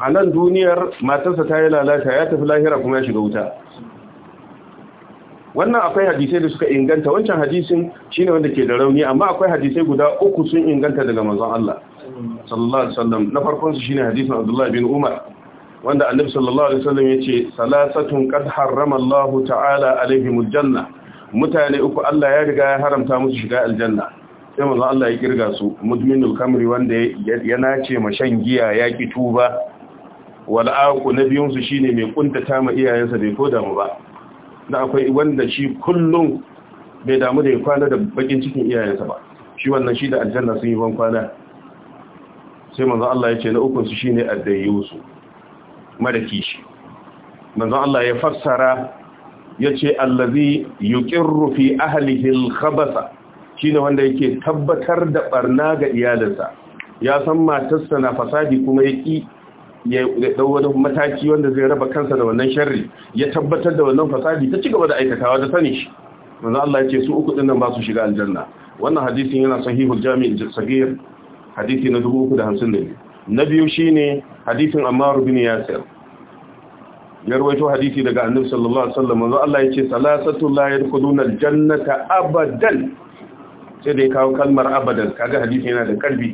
a nan duniyar matarsa ta yi lalata ya tafi lahira kuma ya shiga wuta wannan akwai hadisai da suka inganta wancan hadisin shine wanda ke da rauni amma akwai hadisai guda uku sun inganta daga manzon Allah sallallahu alaihi wasallam na farkon su shine hadisin Abdullah bin Umar wanda Annabi sallallahu alaihi wasallam yace salasatun qad harrama Allah ta'ala alaihimul janna mutane uku Allah ya riga ya haramta musu shiga aljanna sai manzo Allah ya kirga su mudminul kamri wanda ya nace ma shan giya ya ki tuba wal aqu nabiyun su shine mai kuntata ma iyayensa bai koda mu ba da akwai wanda shi kullum bai damu da ya kwana da bakin cikin iyayensa ba shi wannan shi da aljanna sun yi ban kwana sai manzo Allah ya ce na ukun su shine addayusu mara kishi manzo Allah ya fassara yace allazi yuqirru fi ahlihi al-khabasa ne wanda yake tabbatar da barna ga iyalinsa ya san matarsa na fasadi kuma ya ki ya dau wani mataki wanda zai raba kansa da wannan sharri ya tabbatar da wannan fasadi ta cigaba da aikatawa da sani shi manzo Allah ya ce su uku din nan ba su shiga aljanna wannan hadisin yana sahihul jami'in sagir hadisi na dubu da hamsin 352 na biyu ne hadisin Ammar bin Yasir ya rawaito hadisi daga annabi sallallahu alaihi wasallam manzo Allah ya ce salatu la yadkhuluna aljannata abadan sai dai kawo kalmar abadan kaga hadisi yana da kalbi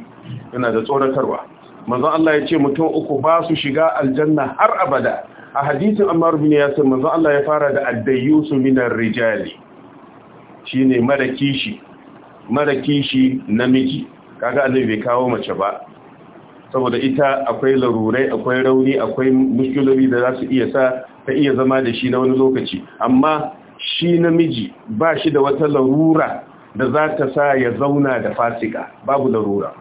yana da tsoratarwa manzon Allah ya ce mutum uku ba su shiga aljanna har abada a hadisin Ammar bin Yasir manzon Allah ya fara da addayusu minar rijali shine mara kishi mara kishi namiji kaga annabi bai kawo mace ba saboda ita akwai larurai akwai rauni akwai muskiloli da za su iya sa ta iya zama da shi na wani lokaci amma shi namiji ba shi da wata larura da za ta sa ya zauna da fasika babu larura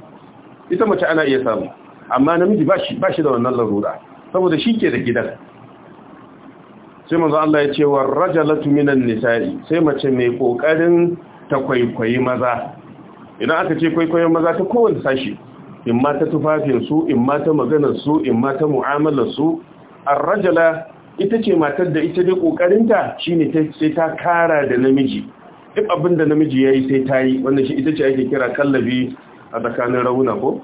ita mace ana iya samu amma namiji ba shi da wannan larura saboda shi ke da gidan sai Maza Allah ya ce wa rajalatu minan nisa'i sai mace mai kokarin ta kwaikwayi maza idan aka ce kwaikwayon maza ta kowanne sashi in ma ta tufafin in ma ta maganar in ma ta mu'amalar su ar-rajala ita ce matar da ita dai kokarinta shine sai ta kara da namiji duk abin da namiji ya yi sai ta yi wannan shi ita ce ake kira kallabi a tsakanin rauna ko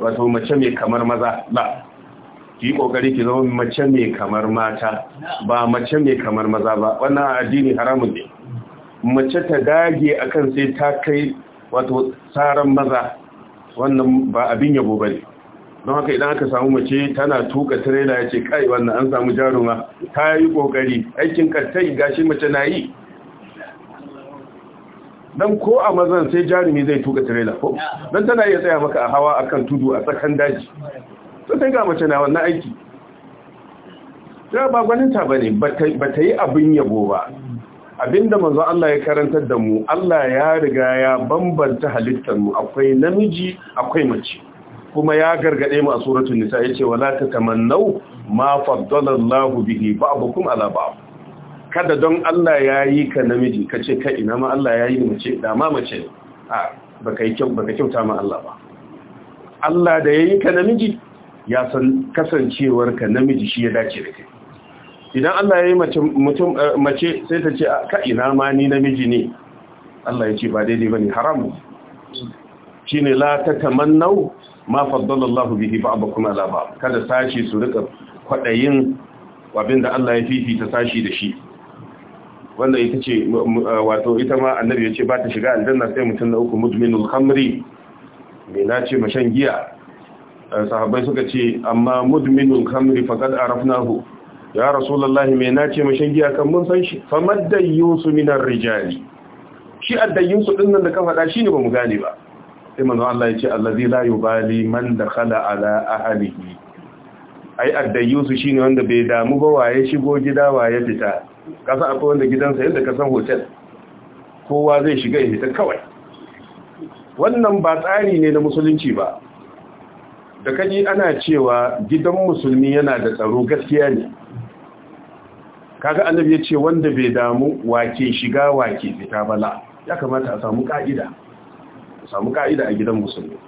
wato mace mai kamar maza ba ki yi kokari ki zama mace mai kamar mata ba mace mai kamar maza ba wannan addini haramun ne mace ta dage akan sai ta kai wato tsaron maza wannan ba abin yabo bane don haka idan aka samu mace tana tuka tirela ya ce kai wannan an samu jaruma ta yi kokari aikin kattai gashi mace na yi dan ko a mazan sai jarumi zai tuka tirela ko dan tana iya tsaya maka a hawa akan tudu a tsakan daji to sai ga mace na wannan aiki ya ba gwaninta bane ba ta yi abin yabo ba abinda manzo Allah ya karantar da mu Allah ya riga ya bambanta halittar mu akwai namiji akwai mace kuma ya gargade mu a suratul nisa yace wala tatamannu ma faddala Allahu bihi ba'dukum ala ba'd kada don Allah ya yi ka namiji ka ce ka ina ma Allah ya yi ni mace da ma mace a baka kyauta ma Allah ba Allah da ya yi ka namiji ya san kasancewar ka namiji shi ya dace da kai idan Allah ya yi mace eh, sai ta ce ka ina ma ni namiji ne Allah ya ce ba daidai ba ne haramu shi ne la ta tamannau ma faddalallahu bihi ba'dakum ala ba kada sashi su rika kwadayin da Allah ya fifita sashi da shi wanda ita ce wato ita ma annabi ya ce ba ta shiga aljanna sai mutum na uku mudminul khamri mai ma mashan giya sahabbai suka ce amma mudminul khamri faqad arafnahu ya rasulullahi mai ma mashan giya kan mun san shi famaddayusu minar rijali shi su din nan da ka faɗa shine ba mu gane ba sai manzo Allah ya ce allazi la yubali man dakhala ala ahlihi ai addayyusu shine wanda bai damu ba waye shigo gida waye fita kasa akwai wanda gidansa yadda ka hotel kowa zai shiga ya fita kawai wannan ba tsari ne na musulunci ba da kaji ana cewa gidan musulmi yana da tsaro gaskiya ne kaga annabi ya ce wanda bai damu wake shiga wake fita bala ya kamata a samu ka'ida a samu ka'ida a gidan musulmi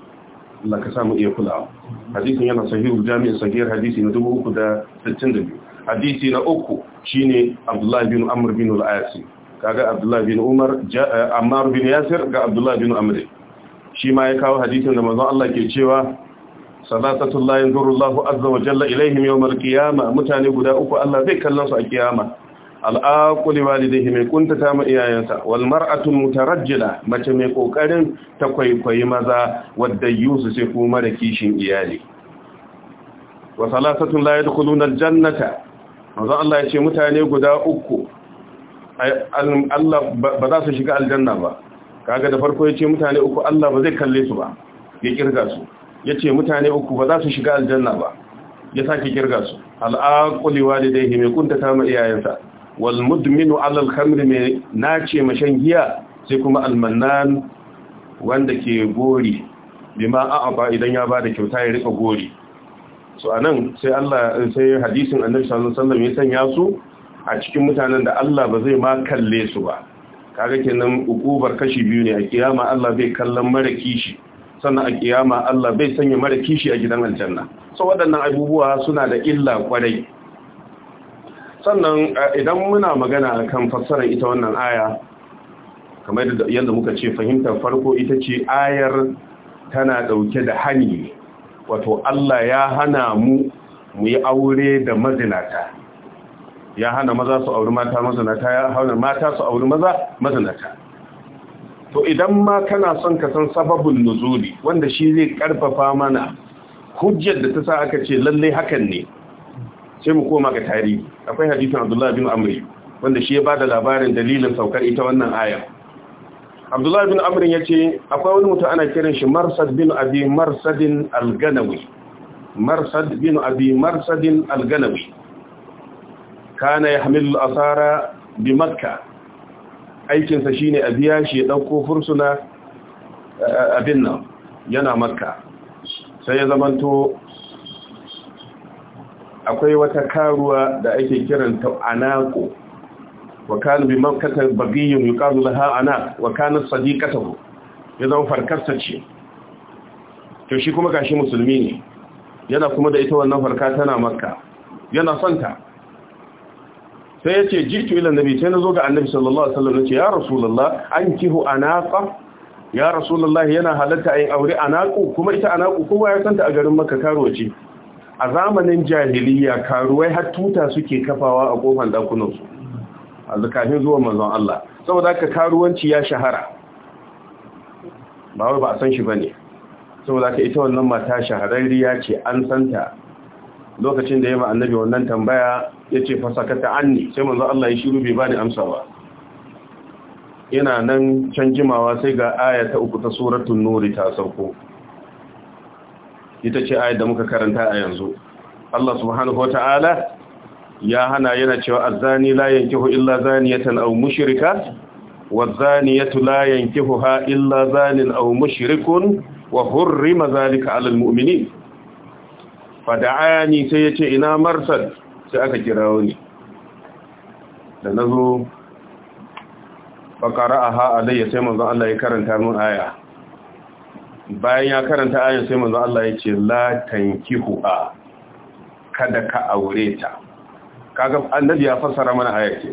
Allah ka samu iya kulawa hadisin yana sahihul jami'in sahihar hadisi na 362 hadisi na uku shine Abdullah bin Amr bin al-Asi kaga Abdullah bin Umar eh, Ammar bin Yasir ga Abdullah bin Amr shi ma ya kawo hadisin da manzon Allah ke cewa salatatu la yanzuru Allahu azza wa jalla ilaihim yawm qiyamah mutane guda uku Allah zai kallon su a kiyama da walidayhi mai kuntata ma iyayensa wal mar'atu mutarajjila mace mai kokarin ta kwaikwayi maza wadda yusu sai kuma da kishin iyali wa salasatun la yadkhuluna aljannata manzo Allah ya ce mutane guda uku Allah ba za su shiga aljanna ba kaga da farko ya ce mutane uku Allah ba zai kalle su ba ya kirga su ya ce mutane uku ba za su shiga aljanna ba ya sake kirga su al'aquli walidayhi mai kuntata ma iyayensa wal mudminu alal khamri mai nace shan giya sai kuma almannan wanda ke gori bima a'aba idan ya bada kyauta ya rika gori so anan sai Allah sai hadisin Annabi sallallahu alaihi wasallam ya sanya su a cikin mutanen da Allah ba zai ma kalle su ba kaga kenan ukubar kashi biyu ne a kiyama Allah bai kallon mara kishi sannan a kiyama Allah bai sanya mara kishi a gidan aljanna so waɗannan abubuwa suna da illa kwarai sannan idan muna magana kan fassarar ita wannan aya kamar yadda muka ce fahimtar farko ita ce ayar tana dauke da hani wato Allah ya hana mu mu yi aure da mazinata ya hana maza su auri mata mazinata ya hana mata su auri maza mazinata to idan ma kana son ka san sababin nuzuli wanda shi zai karfafa mana hujjar da ta sa aka ce lallai hakan ne sai mu koma ga tarihi akwai hadisin abdullah bin amri wanda shi ya ba da labarin dalilin saukar ita wannan aya. abdullahi bin Amr ya ce akwai wani mutum ana kiran shi marsad bin abi al ganawi marsad bin abi al ganawi kana ya hamilu asara bi makka aikinsa shine shine a biya shi ya fursuna eh, abin nan yana makka sai ya zamanto akwai wata karuwa da ake kiranta anako wa kana bi makkata bagiyun yuqalu laha anak wa kana sadiqatuhu ya zama farkarsa ce to shi kuma gashi musulmi ne yana kuma da ita wannan farka tana makka yana son ta sai yace jitu ila nabi sai nazo ga annabi sallallahu alaihi wasallam nace ya rasulullah ankihu anaqa ya rasulullah yana halatta ayi aure anaku kuma ita anaku kowa ya santa a garin makka karuwa ce a zamanin jahiliya karuwai har tuta suke kafawa a kofan dakunansu a zakafin zuwa manzon Allah saboda ka karuwanci ya shahara ba wai ba a san shi bane saboda ka ita wannan mata shahararriya ce an santa lokacin da ya ma annabi wannan tambaya ya ce fasakata anni sai manzon Allah ya shiru bai bani amsa ba yana nan canjimawa, sai ga aya ta uku ta suratul nuri ta sauko ita ce ayat da muka karanta a yanzu Allah subhanahu wata'ala ya hana yana cewa azzani la yankihu illa zaniyatan aw mushrika wazaniyatu la yankihuha illa zanin aw mushrikun wa hurrima zalika 'alal mu'minin fada'ani sai yace ina marsal sai aka kirawo ni da nazo fa qara'aha alayya sai manzon Allah ya karanta min aya bayan ya karanta ayin sai manzo Allah ya ce la a kada ka aure ta kaga annabi ya fassara mana ayat ce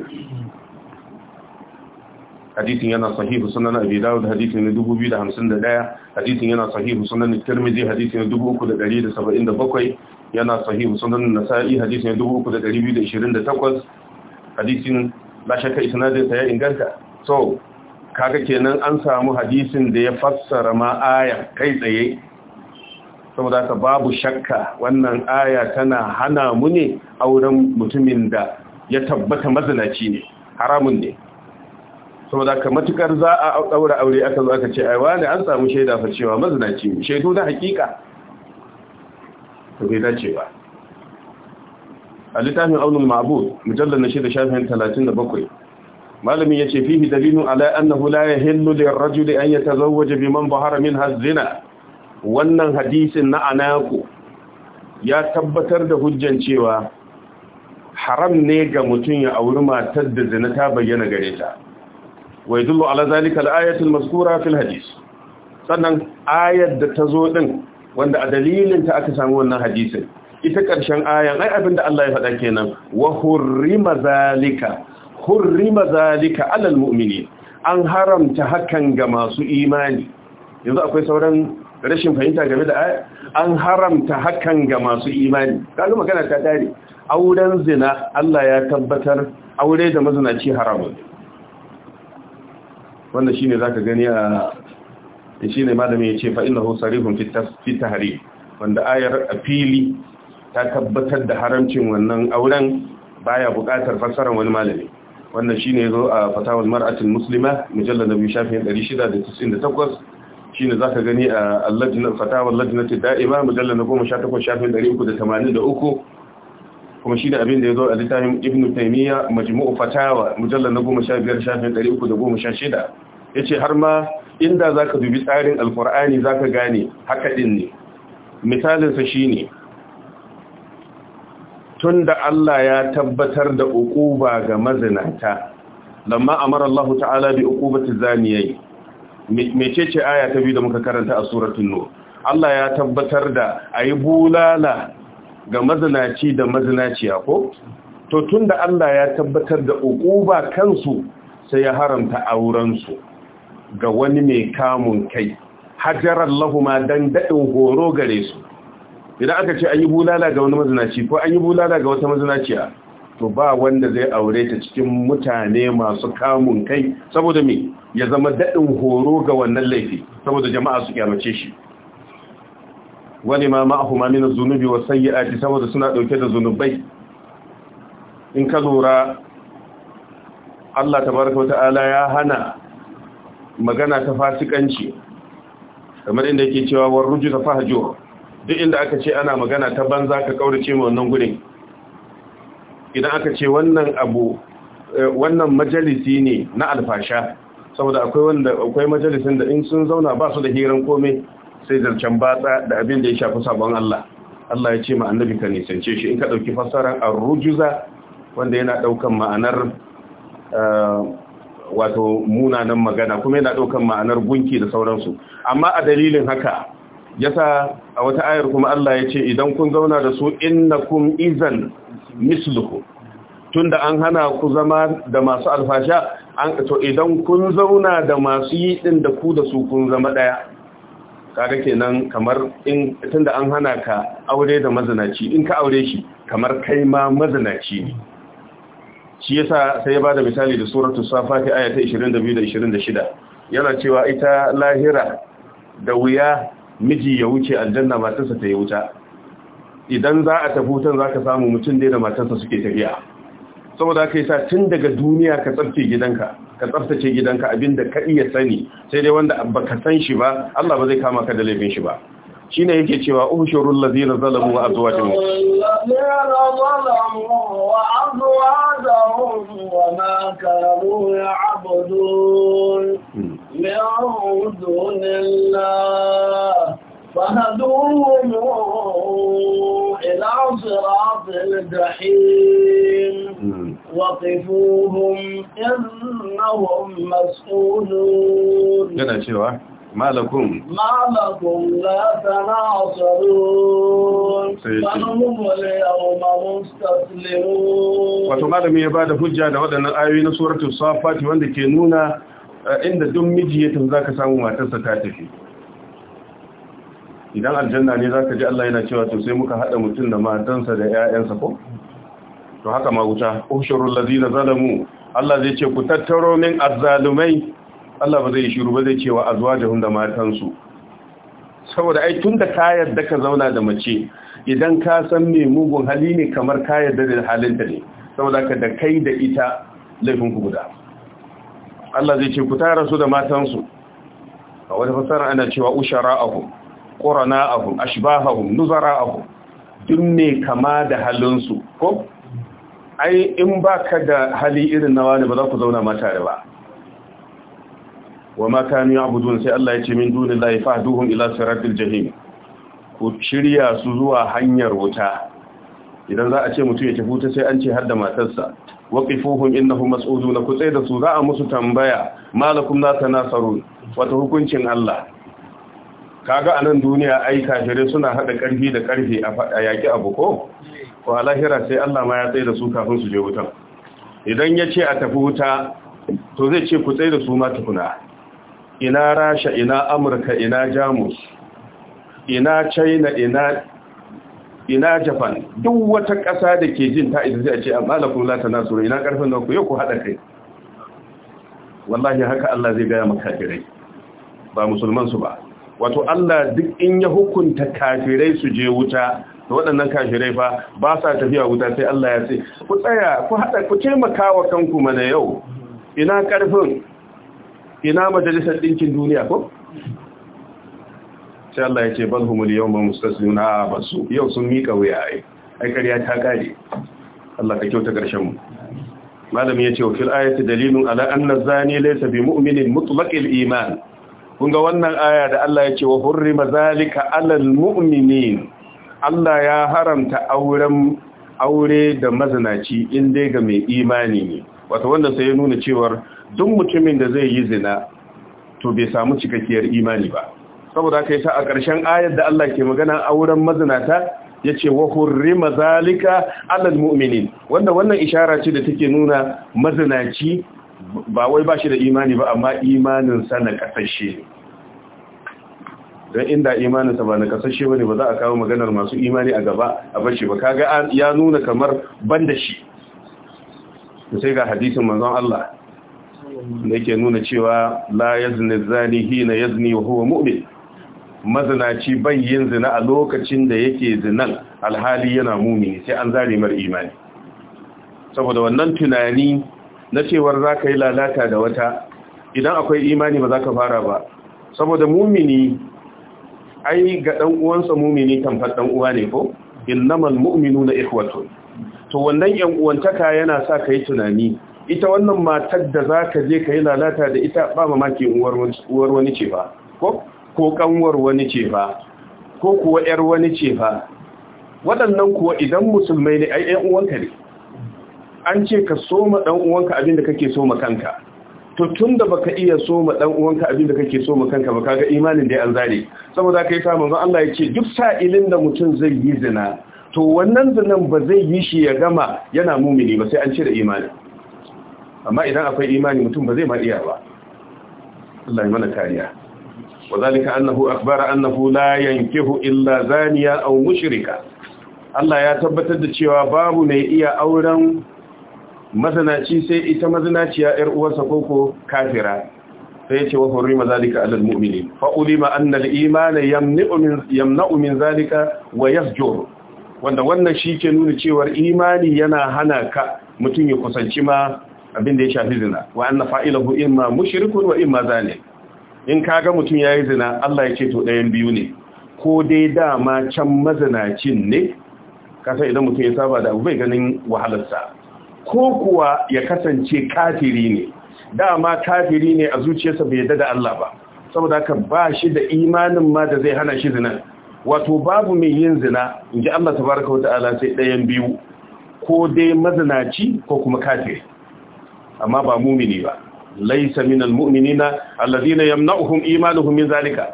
hadisin yana sahihu sunan abi dawud da 2051 Hadithin yana sahihu sunan tirmidhi da bakwai. yana sahihu sunan nasa'i hadisin 3228 Hadithin ba shakka isnadin sa ya inganta so kaga kenan an samu hadisin da ya fassara ma aya kai tsaye saboda ka babu shakka wannan aya tana hana mu ne auren mutumin da ya tabbata mazalaci ne haramun ne saboda ka matukar za a daura aure aka zo aka ce ai wani an samu shaida fa cewa mazalaci ne shaidu na hakika to bai dace ba a littafin aunul ma'bud mujallal na shida shafin 37 malamin ya ce fihi dalilun ala annahu la yahillu lirrajuli an yatazawwaja biman bahara min hazina wannan hadisin na anaku ya tabbatar da hujjan cewa haram ne ga mutum ya auri matar da zina ta bayyana gare ta wa yadullu ala zalika al mazkura fil hadis sannan ayar da ta din wanda a dalilin ta aka samu wannan hadisin ita karshen ayan ai abinda Allah ya faɗa kenan wa hurrima zalika hurrima zalika alal mu'mini an haramta hakan ga masu imani yanzu akwai sauran rashin fahimta game da aya an haramta hakan ga masu imani kaga magana ta dare auren zina Allah ya tabbatar aure da mazinaci haramun wannan shine zaka gani a shine ya yace fa innahu sarihun fi tahri wanda ayar a fili ta tabbatar da haramcin wannan auren baya buƙatar fassarar wani malami wannan shi shine zo a fatawar mar'atul muslima mujallad nabi shafin 698 shine zaka gani a al-lajna fatawar lajnati da'ima mujallad na 18 shafin 383 kuma shine abin da yazo a littafin ibnu taymiya majmu'u fatawa mujallad na 15 shafin 316 yace har ma inda zaka dubi tsarin Al-ƙur'ani alqur'ani zaka gane haka din ne misalin misalinsa shine tunda Allah ya tabbatar da ukuba ga mazinata lamma amara Allah ta'ala bi uqubati zaniyai mecece aya ta biyu da muka karanta a suratul nur Allah ya tabbatar da ayi bulala ga mazinaci da mazinaciya ko to tunda Allah ya tabbatar da ukuba kansu sai ya haramta aurensu ga wani mai kamun kai hajarar ma dan daɗin horo gare su idan aka ce an yi bulala ga wani mazinaci ko an yi bulala ga wata mazinaciya to ba wanda zai aure ta cikin mutane masu kamun kai saboda me ya zama daɗin horo ga wannan laifi saboda jama'a su kyamace shi wani ma ma'ahu ma nuna zunubi wa sanyi sayyi'ati saboda suna ɗauke da zunubai in ka lura Allah Baraka Wata Ala ya hana magana ta fasikanci kamar inda yake cewa warruju ta fahjur duk inda aka ce ana magana ta banza ka kaurace mu wannan gurin idan aka ce wannan abu eh, wannan majalisi ne na alfasha saboda akwai wanda akwai majalisin da in sun zauna ba su da hiran komai sai zarcen batsa da abin da ya shafi sabon Allah Allah ya ce ma annabi ka nisance shi in ka dauki fassarar ar-rujuza wanda yana daukan ma'anar eh, wato munanan magana kuma yana daukan ma'anar gunki da sauransu amma a dalilin haka yasa a wata ayar kuma Allah ya ce idan kun zauna da su innakum izan misluhu tunda an hana ku zama da masu alfasha an to idan kun zauna da masu yi din da ku da su kun zama daya kaga kenan kamar in tunda an hana ka aure da mazinaci in ka aure shi kamar kai ma mazinaci ne shi yasa sai ya bada misali da suratul safati ayata 22 da 26 yana cewa ita lahira da wuya miji ya wuce aljanna matarsa ta yi wuta idan za a tafi wutan za ka samu mutum da matarsa suke tafiya saboda ka yi sa tun daga duniya ka tsaftace gidanka ka tsabtace gidanka abinda ka iya sani sai dai wanda ba ka san shi ba Allah ba zai kama ka da laifin shi ba Shi ne yake cewa ushurul ladina zalamu wa azwajuhum wa azwajuhum wa ma من دون الله فهدوهم إلى صراط الجحيم وقفوهم إنهم مسؤولون ما لكم ما لكم لا تناصرون فنهم اليوم مستسلمون wato بعد فجأة ودنا hujja سورة الصافات ayoyi na inda duk miji ya tafi zaka samu matarsa ta tafi idan aljanna ne zaka ji Allah yana cewa to sai muka hada mutum da matansa da ƴaƴansa ko to haka ma wuta ushurul ladina zalamu Allah zai ce ku tattaro min azzalumai Allah ba zai shiru ba zai ce wa azwajahum da matansu saboda ai tunda ka yarda ka zauna da mace idan ka san me mugun hali ne kamar ka yarda da halinta ne saboda ka da kai da ita laifin ku guda Allah zai ce ku tara su da matansu a wani fasara ana cewa ushara'ahum qurana'ahum ashbahahum nuzara'ahum duk ne kama da halinsu ko ai in baka da hali irin na wani ba za ku zauna mata da ba wa ma kanu ya'budun sai Allah ya ce min dunillahi fahduhum ila siratil jahim ku shirya su zuwa hanyar wuta idan za a ce mutum ya tafi wuta sai an ce har da matarsa waqifuhum innahum mas'ulun ku tsaye da su za a musu tambaya malakum la tanasarun wato hukuncin Allah kaga anan duniya ai kafirai suna hada karfi da karfi a yaki abu ko ko alahira sai Allah ma ya tsaye da su kafin su je wutan idan ya ce a tafi wuta to zai ce ku tsaye da su ma tukuna ina rasha ina amurka ina jamus ina china ina ina japan duk wata ƙasa da ke jin ta ita sai a ce amma lakum la tanasuru ina karfin da ku yau ku hada kai wallahi haka Allah zai gaya maka kafirai ba musulman su ba wato Allah duk in ya hukunta kafirai su je wuta to waɗannan kafirai fa ba sa tafiya wuta sai Allah ya ce ku tsaya ku hada ku taimaka wa kanku mana yau ina karfin ina majalisar dinkin duniya ko sai Allah ya ce bal humul yawma mustaslimuna basu yau sun mika ai ai ƙarya ta kare Allah ka kyauta karshen mu malami yace wa fil ayati dalilun ala anna zani laysa bi mu'minin mutlaqil iman kun ga wannan aya da Allah ya ce wa hurrima zalika al mu'minin Allah ya haramta auren aure da mazinaci in dai ga mai imani ne wato wanda sai ya nuna cewar duk mutumin da zai yi zina to bai samu cikakkiyar imani ba saboda yi yi a ƙarshen ayar da Allah ke magana auren mazinata ya wa wahurre mazalika, alal mu'minin wanda wannan ishara ce da take nuna mazinaci ba wai ba shi da imani ba amma imanin sa na kasashe don inda imanin sa ba na kasashe wani ba za a kawo maganar masu imani a gaba a bar ba kaga ya nuna kamar ban da shi sai ga hadisin manzon Allah da yake nuna cewa la yazni zani hina yazni wa huwa mu'min mazinaci bai yin zina a lokacin da yake zinan alhali yana mumini sai an zare mar imani saboda wannan tunani na cewar za ka yi lalata da wata idan akwai imani ba za ka fara ba saboda mumini ai ga dan uwansa mumini tamfar dan uwa ne ko innamal mu'minu na ikhwatun to wannan yan uwantaka yana sa ka yi tunani ita wannan matar da za ka je ka yi lalata da ita ba mamaki uwar wani ce ba ko ko kanwar wani ce ba, ko kuwa ‘yar wani ce ba, waɗannan kuwa idan musulmai ne ai ƴan uwanka ne an ce ka soma ɗan uwanka abin da kake soma kanka to tun da baka iya soma ɗan uwanka abin da kake soma kanka ba kaga imanin da an zare saboda kai samun manzo Allah ya ce duk sa'ilin da mutum zai yi zina to wannan zinan ba zai yi shi ya gama yana mumini ba sai an cire imani amma idan akwai imani mutum ba zai ma iya ba Allah ya mana kariya وذلك أنه أخبر أنه لا ينكه إلا زانية أو مشركة الله يا تبتد cewa babu mai iya auren mazanaci sai ita mazanaciya ƴar uwarsa koko kafira sai ce wa hurrima zalika alal mu'minin fa ulima anna al-iman zalika wa yafjur wanda wannan shike nuna cewa imani yana hana ka mutum ya kusanci ma abin da ya shafi zina wa anna fa'ilahu imma mushrikun wa imma zalim in ka ga mutum ya yi zina Allah ya ce to ɗayan biyu ne ko dai dama can mazinacin ne kasa idan mutum ya saba da abu bai ganin wahalarsa ko kuwa ya kasance kafiri ne dama kafiri ne a zuciyarsa bai yadda da Allah ba saboda haka ba shi da imanin ma da zai hana shi zina wato babu mai yin zina in ji Allah baraka tabaraka wata'ala sai ɗayan biyu ko dai mazinaci ko kuma kafiri amma ba mumini ba laisa من المؤمنين الذين يمنعهم ايمانهم من ذلك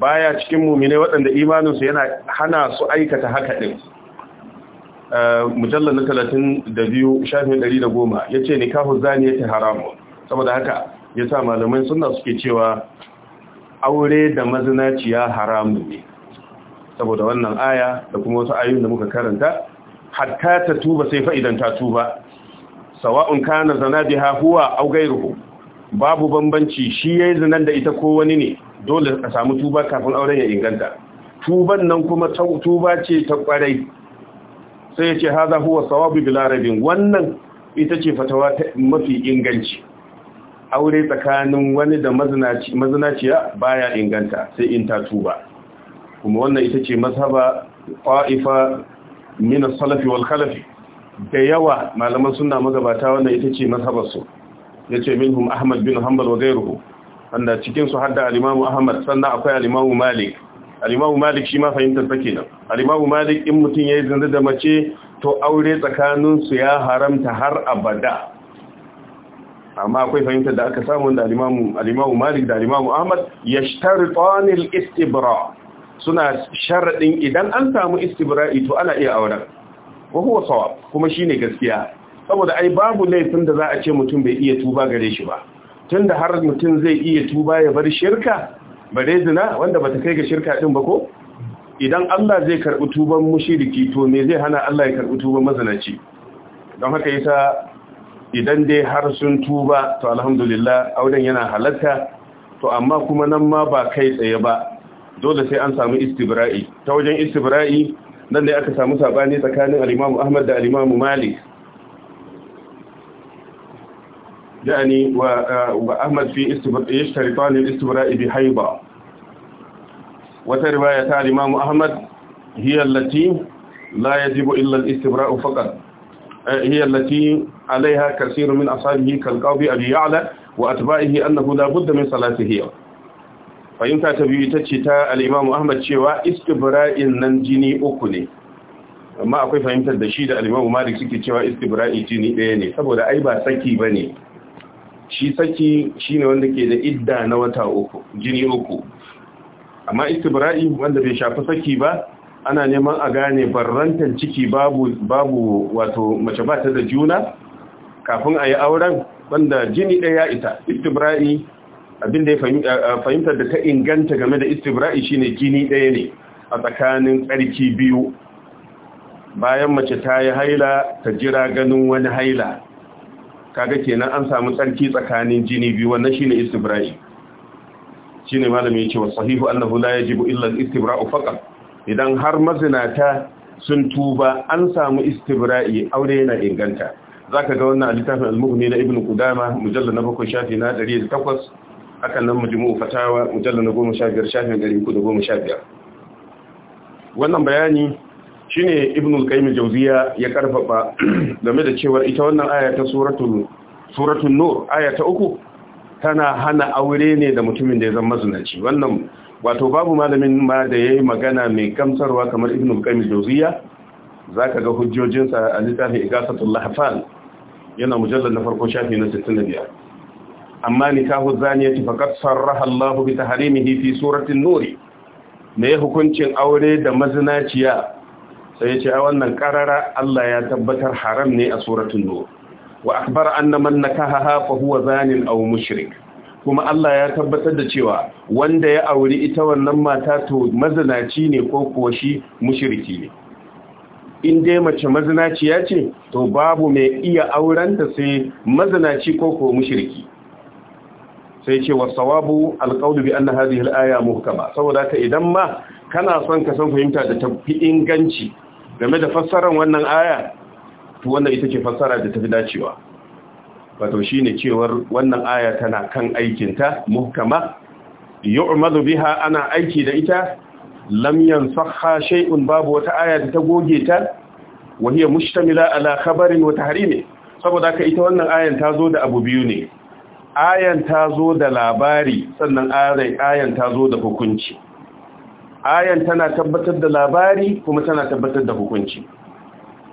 baya cikin mu'mine waɗanda imaninsu yana hana su aikata haka din eh, mujallal na 32 shafin 110 yace nikahu zaniyati haramun saboda haka yasa malaman sunna suke cewa aure da mazinaciya haramu ne saboda wannan aya da kuma wasu ayoyin da muka karanta hatta ta tuba sai idan ta tuba sawa'un kana zana biha huwa aw ghayruhu babu bambanci shi yayi zinan da ita ko wani ne dole ka samu tuba kafin auren ya inganta tuban nan kuma tuba ce ta kwarai sai ya ce haza huwa sawabu bila rabin wannan ita ce fatawa ta mafi inganci aure tsakanin wani da mazinaciya baya inganta sai in ta tuba kuma wannan ita ce mazhaba qa'ifa min as-salafi wal khalafi da yawa malaman suna magabata wanda ita ce mazhabarsu ya ce minhum ahmad bin hanbal wa gairuhu wanda cikinsu hadda alimamu ahmad sannan akwai alimamu malik alimamu malik shi ma fahimtar ta kenan alimamu malik in mutum ya yi zanzu da mace to aure tsakaninsu ya haramta har abada amma akwai fahimtar da aka samu da alimamu malik da alimamu ahmad ya istibra suna sharaɗin idan an samu istibra'i to ana iya auren wa huwa sawab kuma shine gaskiya saboda ai babu laifin da za a ce mutum bai iya tuba gare shi ba tunda har mutum zai iya tuba ya bar shirka bare zina wanda bata kai ga shirka din ba ko idan Allah zai karbi tuban mushriki to me zai hana Allah ya karbi tuban mazinaci don haka yasa idan dai har sun tuba to alhamdulillah auren yana halatta to amma kuma nan ma ba kai tsaye ba dole sai an samu istibra'i ta wajen istibra'i nan ne aka samu sabani tsakanin al Ahmad da al-Imam Malik yani uh, wa Ahmad fi istibran al-istibra bi haiba wata riwaya ta al-Imam Ahmad hiya allati la yajibu illa al-istibra faqat هي التي عليها كثير من أصحابه كالقاضي أبي يعلى وأتباعه أنه لا بد من صلاته fahimta ta biyu ita ce ta al'imamu ahmad cewa istibra'in nan jini uku ne amma akwai fahimtar da shi da al'imamu malik suke cewa istibra'i jini ɗaya ne saboda ai ba saki ba ne shi saki shi ne wanda ke da idda na wata uku jini uku amma istibra'i wanda bai shafi saki ba ana neman a gane barrantar ciki babu wato mace ba ta da juna kafin a yi auren wanda jini ɗaya ita istibra'i abinda ya fahimtar da ta inganta game da istibra'i shine gini ɗaya ne a tsakanin tsarki biyu bayan mace ta yi haila ta jira ganin wani haila kaga kenan an samu tsarki tsakanin jini biyu wannan shine istibra'i shine malami yake wa sahihu annahu la yajibu illa al-istibra'u faqat idan har mazinata sun tuba an samu istibra'i aure yana inganta zaka ga wannan a littafin al-mughni na ibnu qudama mujallad na 7 shafi na 108 haka nan majmu fatawa mujalla na goma sha biyar shafin ɗari uku da goma sha biyar wannan bayani shine ibnu al-qayyim jawziya ya karfafa *clears throat* game da cewa ita wannan aya ta suratul suratul nur aya ta uku tana hana aure ne da mutumin da ya zama zinaci wannan wato babu malamin ma da yayi magana mai gamsarwa kamar ibnu al-qayyim jawziya zaka ga hujjojinsa a littafin igasatul lahfal yana mujallal na farko shafi na 65 amma nikahu zaniyati faqad sarraha Allahu bi tahrimihi fi surati an-nur me hukuncin aure da mazinaciya sai ya a wannan karara Allah ya tabbatar haram ne a suratul nur wa akbar anna man nakahaha fa huwa zanin mushrik kuma Allah ya tabbatar da cewa wanda ya auri ita wannan mata to mazinaci ne ko kuwa shi mushriki ne in dai mace mazinaciya ce to babu mai iya aurenta sai mazinaci ko ko mushriki sai ce wa sawabu alqawlu bi anna hadhihi alaya muhkama saboda ka idan ma kana son ka san fahimta da tafi inganci game da fassarar wannan aya to wannan ita ce fassara da tafi dacewa wato shine cewar wannan aya tana kan aikin ta muhkama yu'malu biha ana aiki da ita lam yansakha shay'un babu wata aya da ta goge ta wa hiya mushtamila ala khabarin wa tahrimi saboda ka ita wannan ayan ta zo da abu biyu ne ayan ta zo da labari sannan ayan ta zo da hukunci ayan tana tabbatar da labari kuma tana tabbatar da hukunci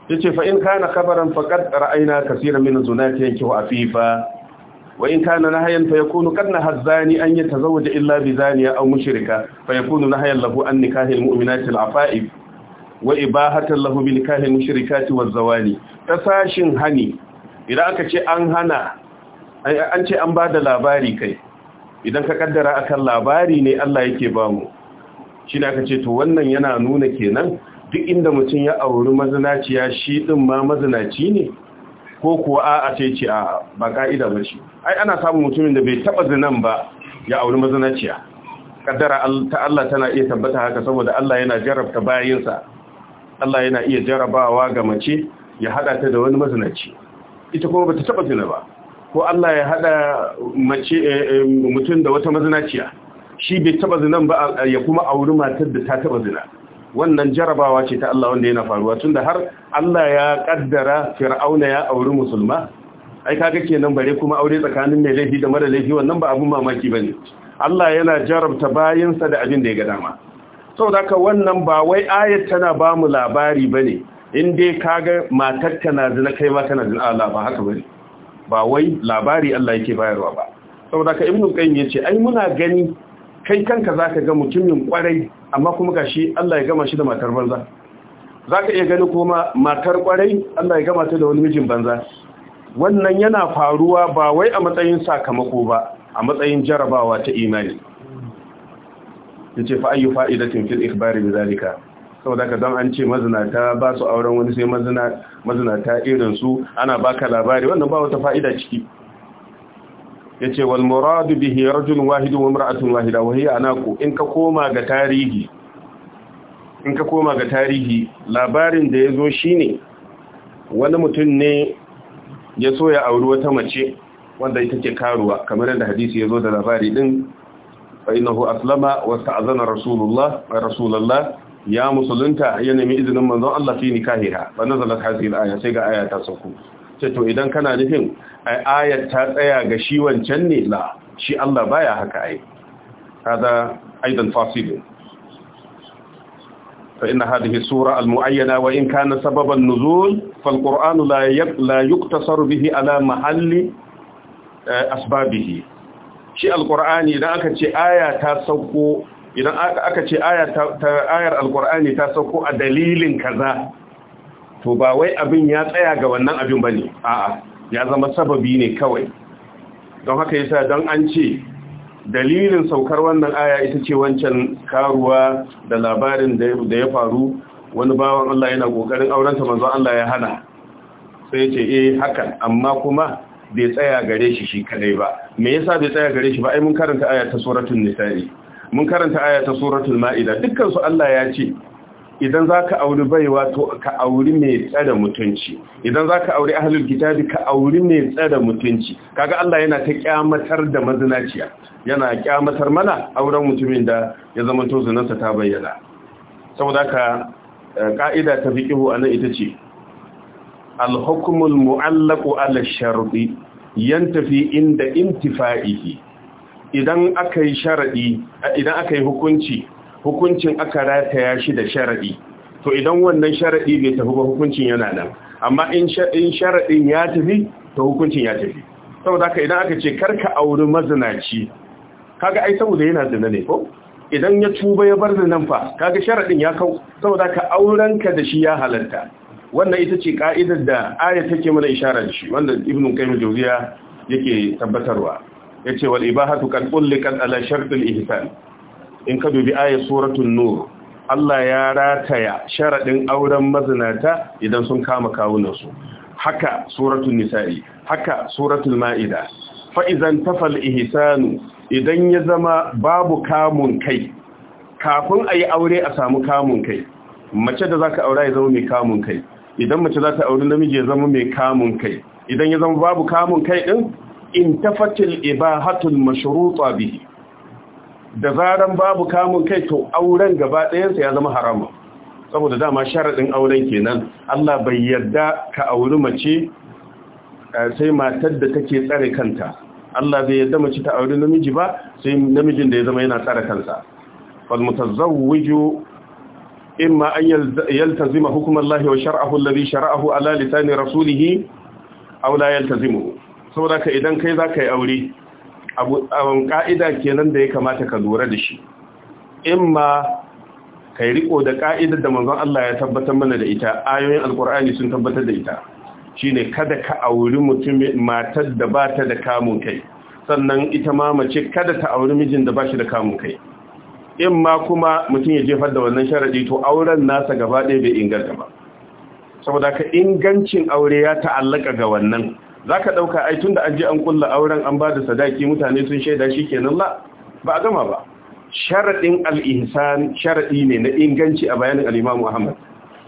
yace fa in kana khabaran faqad ra'ayna kaseeran min zunati wa afifa wa in kana nahyan fa yakunu qad nahazzani an yatazawwaja illa bi zaniya aw mushrika fa yakunu nahyan lahu an nikahil mu'minati al wa ibahatan lahu bi nikahil mushrikati waz-zawani tasashin hani idan aka ce an hana an ce an ba da labari kai idan ka kaddara akan labari ne Allah yake ba mu shi da aka ce to wannan yana nuna kenan duk inda mutum ya auri mazinaciya shi din ma mazinaci ne ko kuwa a'a sai ce a ba ka'ida ba shi ai ana samun mutumin da bai taba zinan ba ya auri mazinaciya kaddara ta Allah tana iya tabbata haka saboda Allah yana jarabta bayinsa Allah yana iya jarabawa ga mace ya hada ta da wani mazinaci ita kuma bata taba zina ba ko Allah ya hada mace eh, eh, mutum da wata mazinaciya shi bai taba zinan ba ya kuma auri matar da ta taba zina wannan jarabawa ce ta Allah wanda yana faruwa tunda har Allah ya kaddara fir'auna ya auri musulma ai kaga kenan bare kuma aure tsakanin mai laifi da mara laifi wannan ba abun mamaki bane Allah yana jarabta sa da abin da ya ga dama saboda haka wannan ba wai ayat tana ba mu labari bane in dai kaga matar kana zina kai ma kana zina Allah ba haka bane ba wai labari Allah yake bayarwa ba saboda ka ibnu qayyim yace ai muna gani kai kanka zaka ga mutumin kwarai amma kuma gashi Allah ya gama shi da matar banza zaka iya gani kuma matar kwarai Allah ya gama ta da wani mijin banza wannan yana faruwa ba wai a matsayin sakamako ba a matsayin jarabawa ta imani yace fa ayyu fa'idatin fil ikhbari bi zalika saboda ka don an ce mazinata ba su auren wani sai mazinata irin su ana baka labari wannan ba wata fa'ida ciki ya ce wal muradu bihi rajulun wahidu wa imra'atun wahida wa hiya in ka koma ga tarihi in ka koma ga tarihi labarin da yazo shine wani mutum ne ya so ya auri wata mace wanda ita ke karuwa kamar yadda hadisi yazo da labari din fa innahu aslama wa sta'azana rasulullah rasulullah ya musulunta ya nemi izinin manzon Allah fi nikahiha fa nazalat hadhihi al-aya sai ga aya ta sauko Tato to idan kana nufin ai ayat ta tsaya ga shi wancan ne la shi Allah baya haka ai hada aidan fasil fa inna hadhihi sura al-mu'ayyana wa in kana sababan nuzul fal qur'anu la la yuktasaru bihi ala mahalli eh, asbabihi shi alkur'ani idan aka ce aya ta sauko idan aka ce ayar alkur'ani ta sauko a dalilin kaza to ba wai abin ya tsaya ga wannan abin ba ne a'a ya zama sababi ne kawai don haka yasa don an ce dalilin saukar wannan aya ita ce wancan karuwa da labarin da ya faru wani bawan Allah yana kokarin sa manzo Allah ya hana sai ce eh hakan amma kuma bai tsaya gare shi shi kadai ba me yasa bai tsaya gare shi ba ai mun karanta aya ta suratul nisa'i mun karanta aya ta suratul ma'ida dukkan su Allah ya ce idan zaka auri baiwa to ka auri mai tsada mutunci idan zaka auri ahlul kitabi ka auri mai tsada mutunci kaga Allah yana ta kyamatar da mazinaciya yana kyamatar mana auren mutumin da ya zama to zinansa ta bayyana saboda ka eh, ka'ida ta fiqihu anan ita ce al-hukmul mu'allaqu ala sharti yantafi inda intifa'ihi idan aka yi sharadi idan aka yi hukunci hukuncin aka rataya shi da sharadi to idan wannan sharadi bai tafi ba hukuncin yana nan amma in sharadin ya tafi to hukuncin ya tafi saboda haka idan aka ce karka auri mazinaci kaga ai saboda yana zina ne ko idan ya tuba ya bar zinan fa kaga sharadin ya kau saboda ka aurenka da shi ya halarta wannan ita ce ka'idar da aya take mana isharar shi wanda ibnu qayyim jawziya yake tabbatarwa ya wal ibahatu qad kan ala shart ihsan in ka dubi ayat suratun nur Allah ya rataya sharaɗin auren mazinata idan sun kama kawunan su haka suratul nisa'i haka suratun ma'ida fa'izan idan tafal ihsanu idan ya zama babu kamun kai kafin ayi aure a samu kamun kai mace da zaka aura ya zama mai kamun kai idan mace za ta auri namiji ya zama mai kamun kai idan ya zama babu kamun kai din In tafatil ibahatul mashruta bihi da zaran babu kamun kai to auren gaba ɗayansa ya zama haramun saboda dama sharaɗin auren kenan Allah bai yarda ka auri mace eh, sai matar da take tsare kanta Allah bai yarda mace ta auri namiji ba sai namijin da ya zama yana tsare kansa fal mutazawwiju imma an yaltazima hukum wa shar'ahu alladhi shar'ahu ala lisani rasulih aw la yaltazimuhu saboda ka idan kai za ka yi aure abin ƙa'ida kenan da ya kamata ka lura da shi in ma ka yi riko da ka'ida da manzon Allah ya tabbatar mana da ita ayoyin alkur'ani sun tabbatar da ita shi ne kada ka auri mutum matar da ba ta da kamun kai sannan ita ma mace kada ta auri mijin da ba shi da kamun kai in ma kuma mutum ya jefar da wannan sharaɗi to auren nasa gaba ɗaya bai inganta ba saboda ka ingancin aure ya ta'allaka ga wannan za ka ɗauka ai tun da an je an kulla auren an ba da sadaki mutane sun shaida shi kenan la ba a gama ba sharaɗin al'insan sharaɗi ne na inganci a bayanin al’imam Muhammad.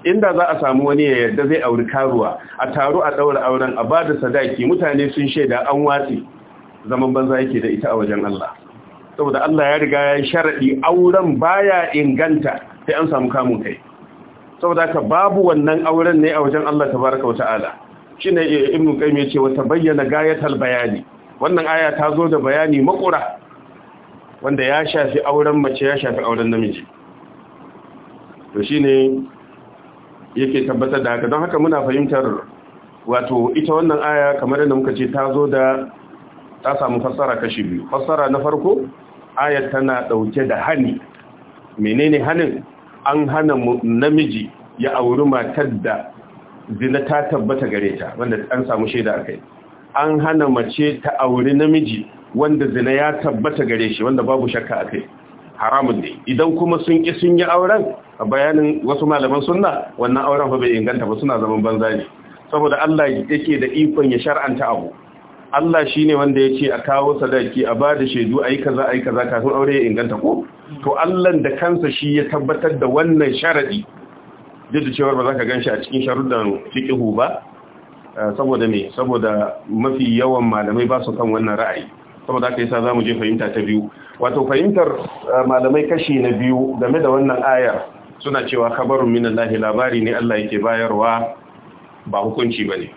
Inda za a samu wani ya yarda zai auri karuwa a taru a ɗaura auren a ba da sadaki mutane sun shaida an watsi zaman banza yake da ita a wajen Allah. Saboda Allah ya riga ya sharaɗi auren baya inganta sai an samu kamun kai. Saboda ka babu wannan auren ne a wajen Allah tabaraka wa ta'ala. shine ibn qayyim yace wa tabayyana gayatar bayani wannan aya ta zo da bayani makura wanda ya shafi auren mace ya shafi auren namiji to shine yake tabbatar da haka don haka muna fahimtar wato ita wannan aya kamar yadda muka ce ta zo da ta samu fassara kashi biyu fassara na farko ayar tana dauke da hani menene hanin an hana namiji ya auri matar da zina ta tabbata gare ta wanda an samu shaida akai an hana mace ta auri namiji wanda zina ya tabbata gare shi wanda babu shakka akai haramun ne idan kuma sun ki sun yi auren a bayanin wasu malaman sunna wannan auren fa bai inganta ba suna zaman banza ne saboda Allah yake da ikon ya shar'anta abu Allah shine wanda ya ce a kawo sadaki a ba da shaidu ayi kaza ayi kaza kafin aure ya inganta ko to Allah da kansa shi ya tabbatar da wannan sharadi duk da cewar ba za ka ganshi a cikin sharuddan fiƙihu ba eh, saboda me saboda mafi yawan malamai ba su kan wannan ra'ayi saboda haka yasa zamu je fahimta ta biyu wato fahimtar eh, malamai kashi na biyu game da wannan ayar suna cewa khabarun minallahi labari ne Allah yake bayarwa ba hukunci bane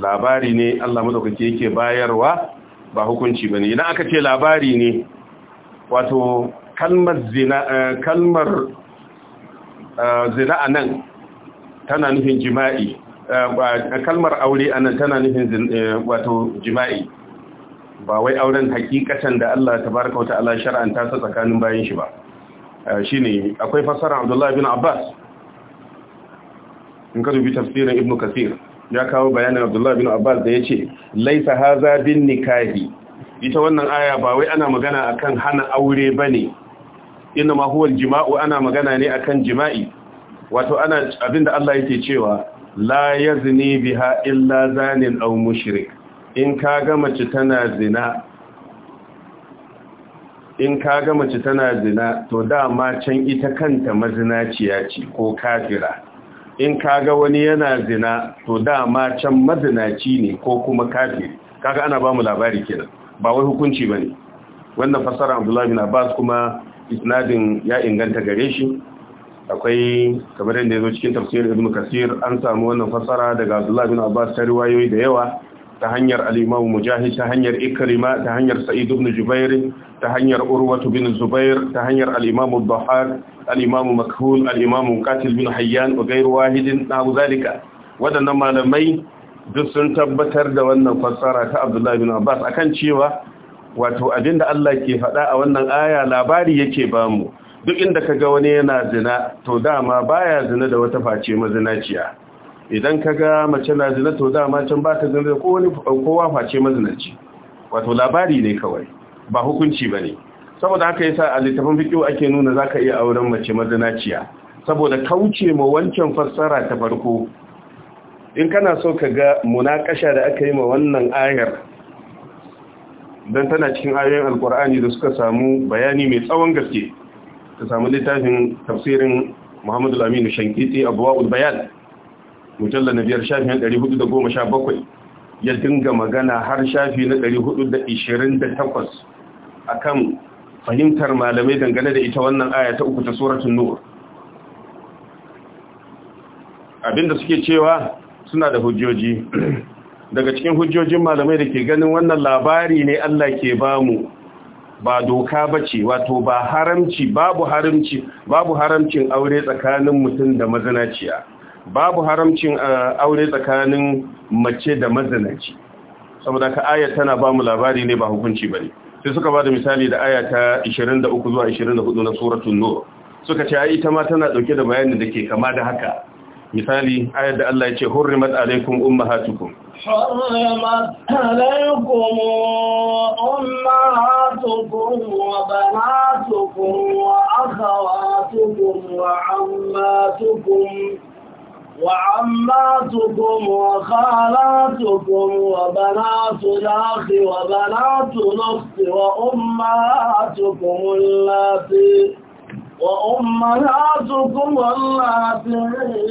labari ne Allah madaukake yake bayarwa ba hukunci bane idan aka ce labari ne wato kalmar zina eh, kalmar Eh, zina a nan tana nufin jima'i eh, kalmar aure a nan tana nufin eh, wato jima'i ba wai auren hakikatan da Allah ta wata Allah shara'an ta sa tsakanin bayan shi ba ne akwai fasara Abdullah bin Abbas in ka dubi tafsirin Ibn Kathir ya kawo bayanin Abdullah bin Abbas da ya ce laisa haza bin nikahi ita wannan aya ba wai ana magana akan hana aure bane inna ma huwa jima'u ana magana ne akan jima'i wato ana abinda Allah yake cewa la yazni biha illa zanin aw mushrik in ga mace tana zina in ga mace tana zina to dama can ita kanta mazinaciya ce ko kafira in ka ga wani yana zina to dama can mazinaci ne ko kuma kafiri kaga ana ba mu labari kenan ba wai hukunci bane wannan fasara Abdullah bin Abbas kuma isnadin ya inganta gare shi akwai kamar yadda ya zo cikin tafsir ibn kasir an samu wannan fassara daga abdullahi bin abbas ta riwayoyi da yawa ta hanyar al mujahid ta hanyar ikrima ta hanyar sa'id ibn jubair ta hanyar urwatu bin zubair ta hanyar al-imam ad al-imam makhul al qatil bin hayyan wa ghayr wahidin na zalika wadannan malamai duk sun tabbatar da wannan fassara ta abdullahi bin abbas akan cewa wato abinda Allah ke faɗa a wannan aya labari yake bamu duk inda kaga wani yana zina to dama baya zina da wata face mazinaciya idan kaga mace na zina to dama can ba ta zina da kowa face mazinaci wato labari ne kawai ba hukunci bane saboda haka yasa a littafin fiqh ake nuna zaka iya auren mace mazinaciya saboda kauce ma wancan fassara ta farko in kana so ka ga munakasha da aka yi ma wannan ayar don tana cikin ayoyin alkur'ani da suka samu bayani mai tsawon gaske ta samu littafin tafsirin muhammadu Aminu shankiti abuwa'ul bayan mujalla na biyar shafin 417 ya dinga magana har shafi na 428 akan fahimtar malamai dangane da ita wannan aya ta uku ta suratun nur abinda suke cewa suna da hujjoji daga cikin hujjojin malamai da ke ganin wannan labari ne Allah ke bamu ba doka bace wato ba haramci babu haramci babu haramcin aure tsakanin mutum da mazinaciya babu haramcin uh, aure tsakanin mace da mazinaci saboda ka aya tana bamu labari ne ba hukunci bane sai suka bada misali da aya ta 23 zuwa 24 na suratul nur suka ce ai ita ma tana dauke da bayanin da ke kama da haka misali ayar da Allah ya ce hurrimat alaikum ummahatukum حرمت عليكم أمهاتكم وبناتكم وأخواتكم وعماتكم وعماتكم وخالاتكم وبنات الأخ وبنات الأخت وأمهاتكم اللاتي وأمهاتكم اللاتي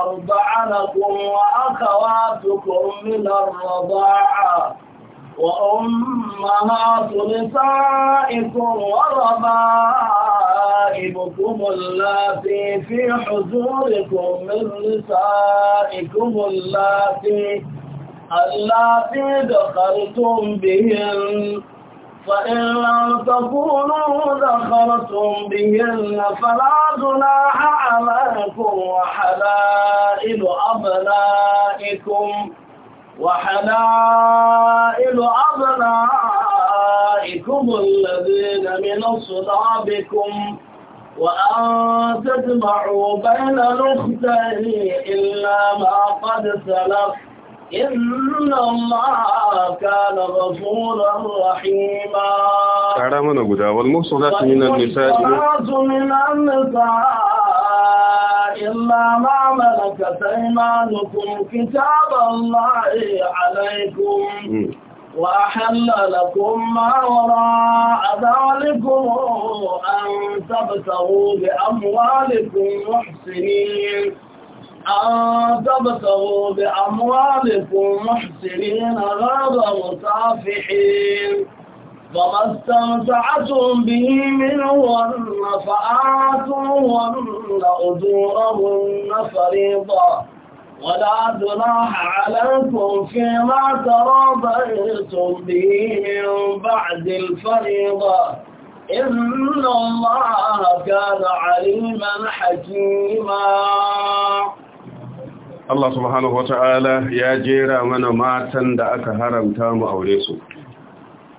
أرضعنكم وأخواتكم من الرضاعة وأمهات نسائكم وربائبكم اللاتي في حجوركم من نسائكم اللاتي اللاتي دخلتم بهن فإن لم تكونوا دخلتم بهن فلا جناح عليكم وحلائل أبنائكم وحلائل أبنائكم الذين من صلابكم وأن تجمعوا بين الأختين إلا ما قد سلف Tara mana guda, wal musu za su yi nan nisa ilu. Illa ma malaka taimanukum alaikum hmm. wa halalakum ma wara a zalikun an tabbata wuɗe amuwalikun wasu أن تبتغوا بأموالكم محسنين غاب مكافحين فما استمتعتم به منهن فآتوهن أجورهن فريضا ولا جناح عليكم فيما تراضيتم به من بعد الفريضة إن الله كان عليما حكيما Allah subhanahu wata'ala ya jera mana matan da aka haramta mu aure su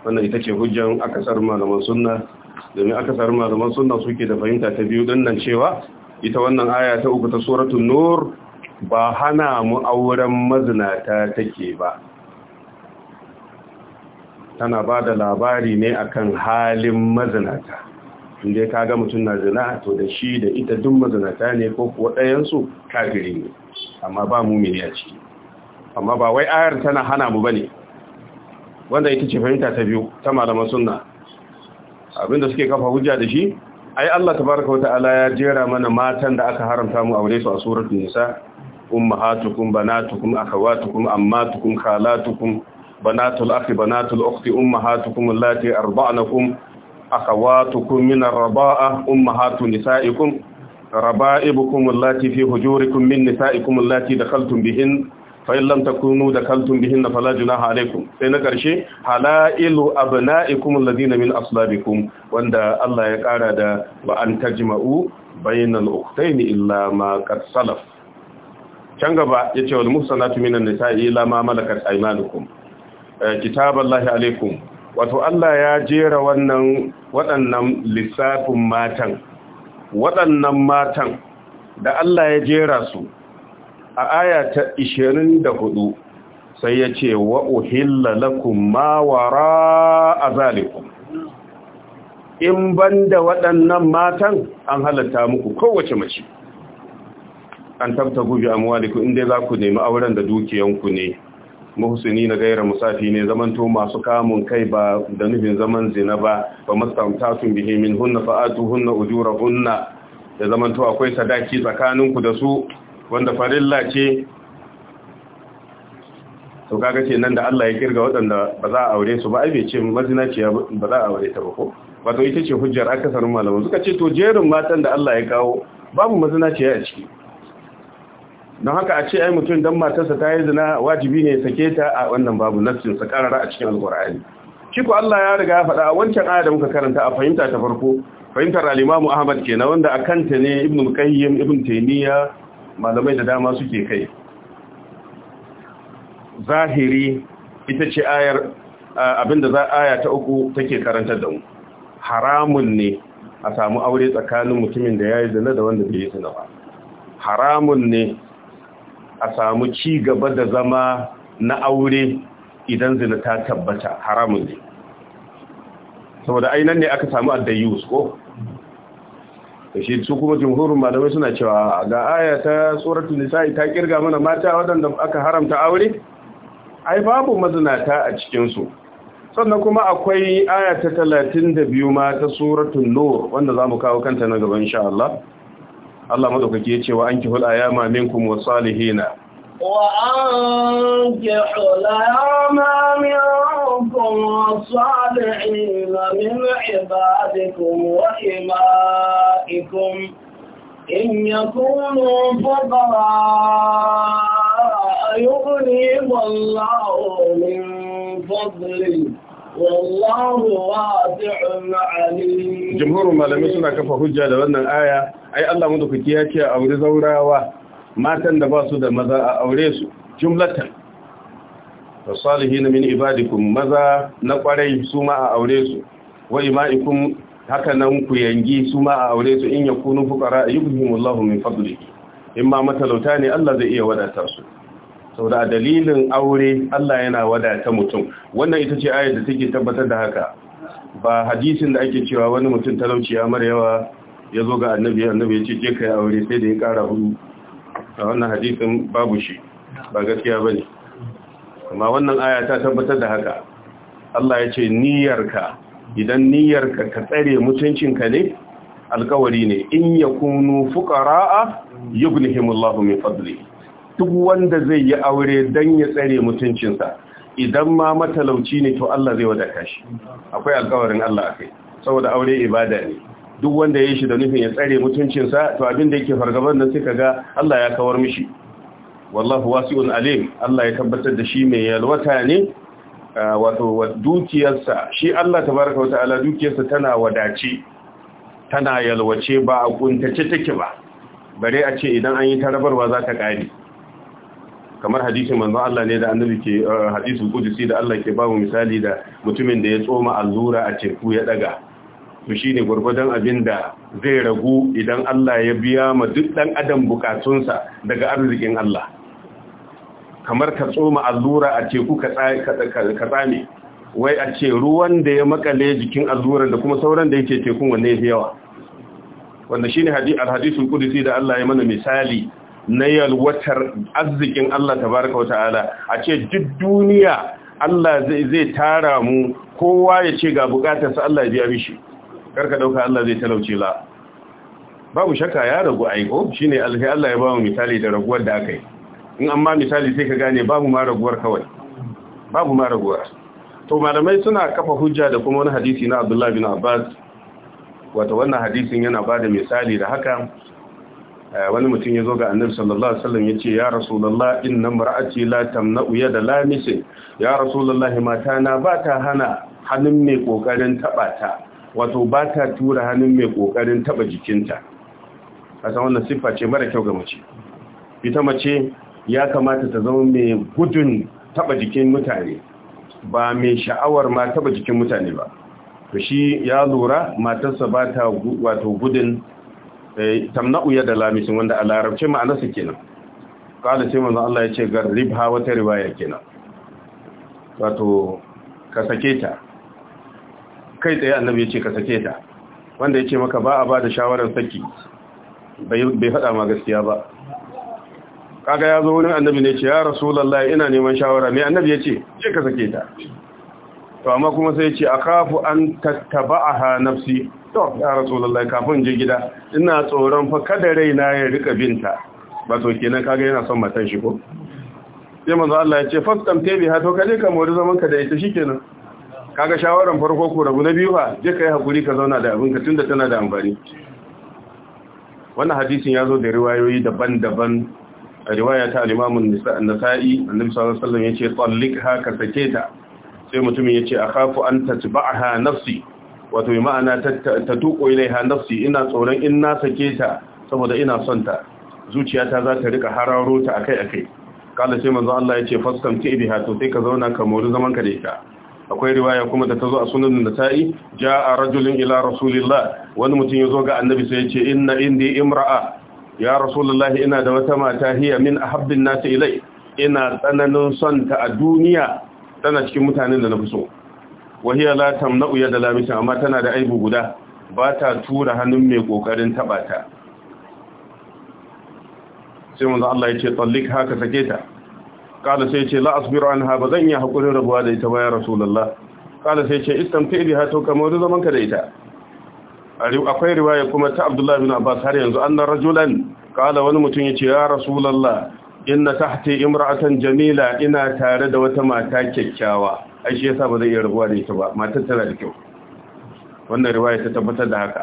wannan ita ce hujjan akasar malaman sunna domin akasar malaman sunna suke da fahimta ta biyu din nan cewa ita wannan aya ta uku ta suratul nur ba hana mu auren mazinata take ba tana ba da labari ne akan halin mazinata inda ka ga mutum na zina to da shi da ita duk mazinata ne ko kuwa ɗayansu kafiri ne amma ba mumini a ciki amma ba wai ayar tana hana mu bane wanda ita ce fahimta ta biyu ta malaman sunna abinda suke kafa hujja da shi ai Allah tabaraka wata'ala ya jera mana matan da aka haramta mu aure su a suratul nisa ummahatukum banatukum akhawatukum ammatukum khalatukum banatul akhi banatul ukhti ummahatukum allati arda'nakum akhawatukum min ar-raba'a ummahatun nisa'ikum ربائبكم اللاتي في هجوركم من نسائكم اللاتي دخلتم بهن فإن لم تكونوا دخلتم بهن فلا جناح عليكم سينا كرشي حلائل أبنائكم الذين من أصلابكم وأن الله يقال دا وأن تجمعوا بين الأختين إلا ما قد سلف can gaba ya ce wal muhsanatu minan nisa'i ila ma malakat aymanukum kitaballahi alaikum wato Allah ya jera wannan waɗannan lissafin matan waɗannan matan da Allah ya jera su a aya ta 24 sai ya ce wa uhilla lakum ma wara azalikum in banda waɗannan matan an halatta muku kowace mace an tabta gubi amwalikum inda za ku nemi auren da dukiyanku ne muhsini na gaira musafi ne zamanto masu kamun kai ba da nufin zaman zina ba ba masamtatun bihi min hunna fa'atu hunna ujura hunna da zamanto akwai sadaki tsakaninku da su wanda farilla ce to kaga ce nan da Allah ya kirga waɗanda ba za a aure su ba ai bai ce ce ba za a aure ta ba ko wato ita ce hujjar akasarin malaman suka ce to jerin matan da Allah ya kawo babu mazina ce a ciki don haka a ce ai mutum dan matarsa ta yi zina wajibi ne sake ta a wannan babu nassin sa karara a cikin alqur'ani shi ko Allah ya riga ya faɗa a wancan aya da muka karanta a fahimta ta farko fahimtar al-Imam Ahmad kenan wanda akan ta ne Ibn Qayyim Ibn Taymiyyah malamai da dama suke kai zahiri ita ce ayar abinda za aya ta uku take karantar da mu haramun ne a samu aure tsakanin mutumin da ya yi zina da wanda bai yi zina ba haramun ne a samu ci gaba da zama na aure idan zina ta tabbata haramun ne saboda ainihin ne aka samu addayus ko da shi su kuma jumhurin malamai suna cewa ga aya ta nisa'i ta kirga mana mata waɗanda aka haramta aure ai babu mazinata a cikinsu sannan kuma akwai aya ta talatin da biyu ma ta tsoratun nur wanda za mu kawo kanta na gaban sha'allah. Allah Allah madaukake ya ce wa anki hul ayama minkum wa salihina wa anki hul ayama minkum wa salihina min ibadikum wa imaikum in yakunu fadara yughni wallahu min fadlihi jimhurin malamai suna kafa hujja da wannan aya ai Allah madaukaki ya ce aure zaurawa matan da ba su da maza a aure su jumlatan da salihin min ibadikum maza na kwarai su ma a aure su wa ima'ikum haka nan ku yangi su ma a aure su in yakunu fuqara yughimullahu min fadlihi imma matalauta ne Allah zai iya wadatar su sau a dalilin aure Allah yana wadata mutum wannan ita ce ayar da take tabbatar da haka ba hadisin da ake cewa wani mutum talauci ya mara yawa ya zo ga annabi annabi ya ce ke kai aure sai da ya kara hudu a wannan hadisin babu shi ba gaskiya ba ne. amma wannan aya ta tabbatar da haka Allah ya ce niyyarka idan niyyarka ka tsare mutuncinka ne alkawari ne in yakunu fuqara yughnihimullahu min fadlihi duk wanda zai yi aure don ya tsare mutuncinsa idan ma matalauci ne to Allah zai wada kashi akwai alkawarin Allah kai saboda aure ibada ne duk wanda ya yi shi da nufin ya tsare mutuncinsa to abin da yake fargaban nan suka ga, Allah ya kawar mishi wallahu wasi'un alim Allah ya tabbatar da shi mai yalwata ne wato dukiyarsa shi Allah tabaraka wa ta'ala dukiyarsa tana wadace tana yalwace ba a kuntace take ba bare a ce idan an yi tarabarwa za ta kare kamar hadisin manzo Allah ne da annabi ke eh, hadisul qudsi da Allah ke bawo misali da mutumin da ya tsoma allura a teku ya daga to shine gurgudan abin da zai ragu idan Allah ya biya ma duk dan adam bukatunsa daga arzikin Allah kamar ka tsoma allura a teku ka tsame wai a ce ruwan da ya makale jikin alluran da kuma sauran da yake tekun wanne yawa wanda shine hadisi al-hadithul da Allah ya mana misali na yalwatar arzikin Allah tabaraka wata'ala a ce duk duniya Allah zai tara mu kowa ya ce ga bukatarsa Allah ya biya mishi karka dauka Allah zai talauce la babu shakka ya ragu aiko shine alhi Allah ya ba mu misali da raguwar da aka yi in amma misali sai ka gane babu ma raguwar kawai babu ma raguwar to malamai suna kafa hujja da kuma wani hadisi na Abdullah bin Abbas wato wannan hadisin yana bada misali da haka Eh, wani mutum ya zo ga annabi sallallahu alaihi wasallam ya ce ya rasulullah inna mar'ati la tamna'u da lamise ya rasulullah mata na ba ta hana hannun mai kokarin taba ta wato ba ta tura hannun mai kokarin taba jikinta a san wannan sifa ce mara kyau ga mace ita mace ya kamata ta zama mai gudun taba jikin mutane ba mai sha'awar ma taba jikin mutane ba to shi ya lura matarsa ba ta wato gudun Eh, tamna'u ya da lamisin wanda a larabce su kenan kala sai manzo Allah ya ce garribha wata riwaya kenan wato ka sake ta kai tsaye annabi ya ce ka sake ta wanda ya ce maka ba a ba da shawarar saki bai faɗa ma gaskiya ba kaga ya zo wurin annabi ne ce ya rasulallah ina neman shawara mai annabi ya ce ce ka sake ta to amma kuma sai ya ce akafu an tattaba'aha nafsi to ya lallai kafin je gida ina tsoron fa kada raina ya rika binta ba to kenan kaga yana son matan shi ko sai manzo Allah ya ce fastam tabi ha to kaje ka mori zaman ka da ita shikenan kaga shawaran farko ko rabu na biyu ha je kai hakuri ka zauna da abinka tunda tana da amfani wannan hadisin ya zo da riwayoyi daban-daban a riwaya ta alimamun nasa'i annabi sallallahu alaihi wasallam yace tallik ha ka sake ta sai mutumin yace akhafu an tatba'aha nafsi wato yi ma'ana ta tuko ilaiha nafsi ina tsoron in na sake ta saboda ina son ta zuciyata za ta rika hararo ta akai akai kala sai manzo Allah ya ce faskamti biha to sai ka zauna ka mori zaman ka da ita akwai riwaya kuma da tazo a sunan nasa'i jaa rajulun ila rasulillah wani mutum yazo ga annabi sai ya ce inna indi imra'a ya rasulullah ina da wata mata hiya min ahabbin nasi ilai ina tsananin son ta a duniya tana cikin mutanen da na fi so wahiya na tamna'u da lamisin amma tana da aibu guda ba ta tura hannun mai kokarin taba ta sai manzo Allah ya ce tallik haka sake ta kala sai ce la asbiru anha ba zan yi haƙurin rabuwa da ita ba ya rasulullah kala sai ce istamti biha to kamar zaman ka da ita akwai riwaya kuma ta Abdullahi bin Abbas har yanzu annar rajulan kala wani mutum ya ce ya rasulullah inna tahti imra'atan jamila ina tare da wata mata kyakkyawa ai shi yasa ba zai iya rabuwa da ita ba matar tana da kyau wannan riwaya ta tabbatar da haka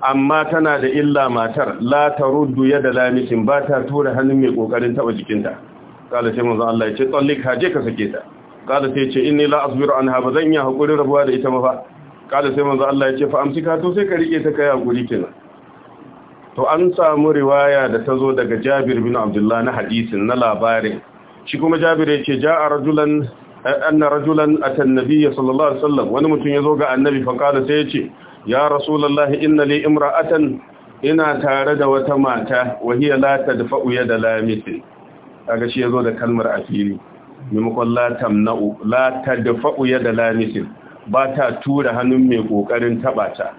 amma tana da illa matar la Ruddu, yada lamishin ba ta tura hannun mai kokarin taba jikinta kada sai manzo Allah ya ce tsallik haje ka sake ta kada sai ya ce inni la asbiru anha ba zan yi hakuri rabuwa da ita ba fa kada sai manzo Allah ya ce fa amsika to sai ka rike ta kai hakuri kenan to an samu riwaya da ta zo daga Jabir bin Abdullah na hadisin na labarin shi kuma Jabir yake ce ja'a rajulan anna rajulan atan nabiyya sallallahu alaihi wasallam wani mutum yazo ga annabi fa kana sai yace ya rasulullahi inna li imra'atan ina tare da wata mata wahiya la tadfa'u yada lamitin kaga shi yazo da kalmar asiri mimakon la tamna'u la tadfa'u yada lamitin ba ta tura hannun mai kokarin taba ta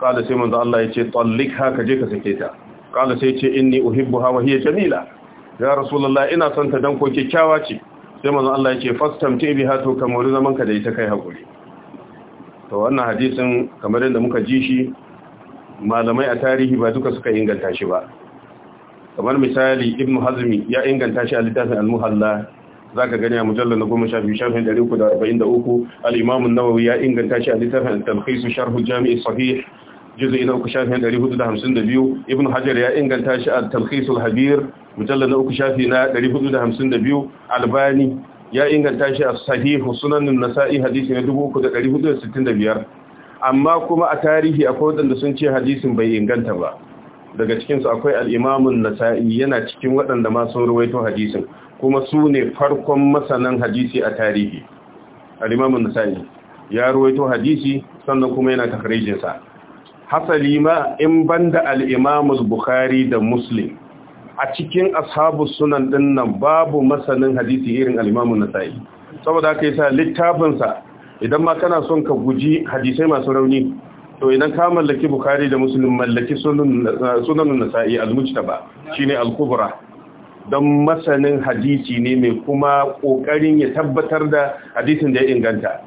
kada sai manzo Allah yace tallik haka je ka sake ta kada sai yace inni uhibbuha wa hiya jamila ya rasulullahi ina son ta dan ko kikkiawa ce sai manzon Allah ya ce fastamti biha to kamar zaman ka da ita kai hakuri to wannan hadisin kamar yadda muka ji shi malamai a tarihi ba duka suka inganta shi ba kamar misali ibnu hazmi ya inganta shi a littafin al-muhalla zaka gani a mujallal na shafi shafin 343 al-imam an-nawawi ya inganta shi a littafin al-talkhis sharh al-jami' sahih juzu na uku shafi shafin 452 ibn hajar ya inganta shi a talkhisul habir mujallar na uku shafi na 452 albani ya inganta shi a sahihu sunanin nasa'i hadisi na 3465 amma kuma a tarihi akwai wadanda sun ce hadisin bai inganta ba daga cikinsu akwai al'imamun nasa'i yana cikin waɗanda ma sun ruwaito hadisin kuma su ne farkon masanan hadisi a tarihi al'imamun nasa'i ya ruwaito hadisi sannan kuma yana takarijinsa hasali ma in banda al'imamus bukhari da muslim a cikin ashabu sunan dinnan babu masanin hadisi irin al'imamun nasa'i saboda aka yi sa littafinsa idan ma kana son ka guji hadisai masu rauni to idan ka mallaki bukhari da muslim mallaki sunan nasa'i al-mujtaba shine al-kubra don masanin hadisi ne mai kuma kokarin ya tabbatar da hadisin da ya inganta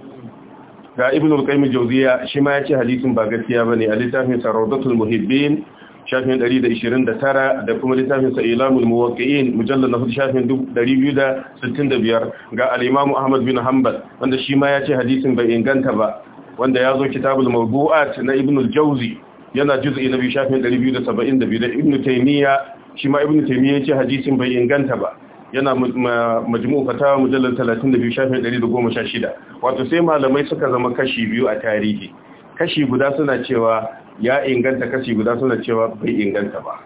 ga ibn al-qayyim jawziya shi ma yace hadisin ba gaskiya bane a littafin sarawdatul muhibbin shafin 129 da kuma littafin sa ilamul muwaqqi'in mujallal na shafin 265 ga al-imam ahmad bin hanbal wanda shi ma yace hadisin bai inganta ba wanda yazo kitabul mawdu'at na ibn al-jawzi yana juz'i na shafin 272 da ibn taymiya shi ma ibn taymiya yace hadisin bai inganta ba yana majmu fatawa mujallar 32 shafin 116 wato sai malamai suka zama kashi biyu a tarihi kashi guda suna cewa ya inganta kashi guda suna cewa bai inganta ba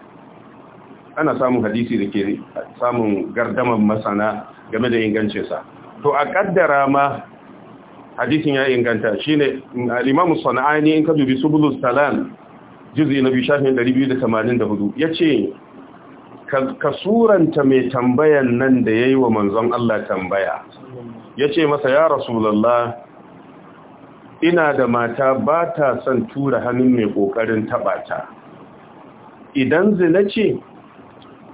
ana samun hadisi da ke samun gardaman masana game da ingancinsa to a kaddara ma hadisin ya inganta shine al-imamu sana'ani in ka dubi subulus talan juz'i na biyu shafin 284 ce. ka suranta mai tambayan nan da ya yi wa manzon Allah tambaya ya ce masa ya rasulallah ina da mata ba ta son tura hannun mai ƙoƙarin taɓata." idan zina ce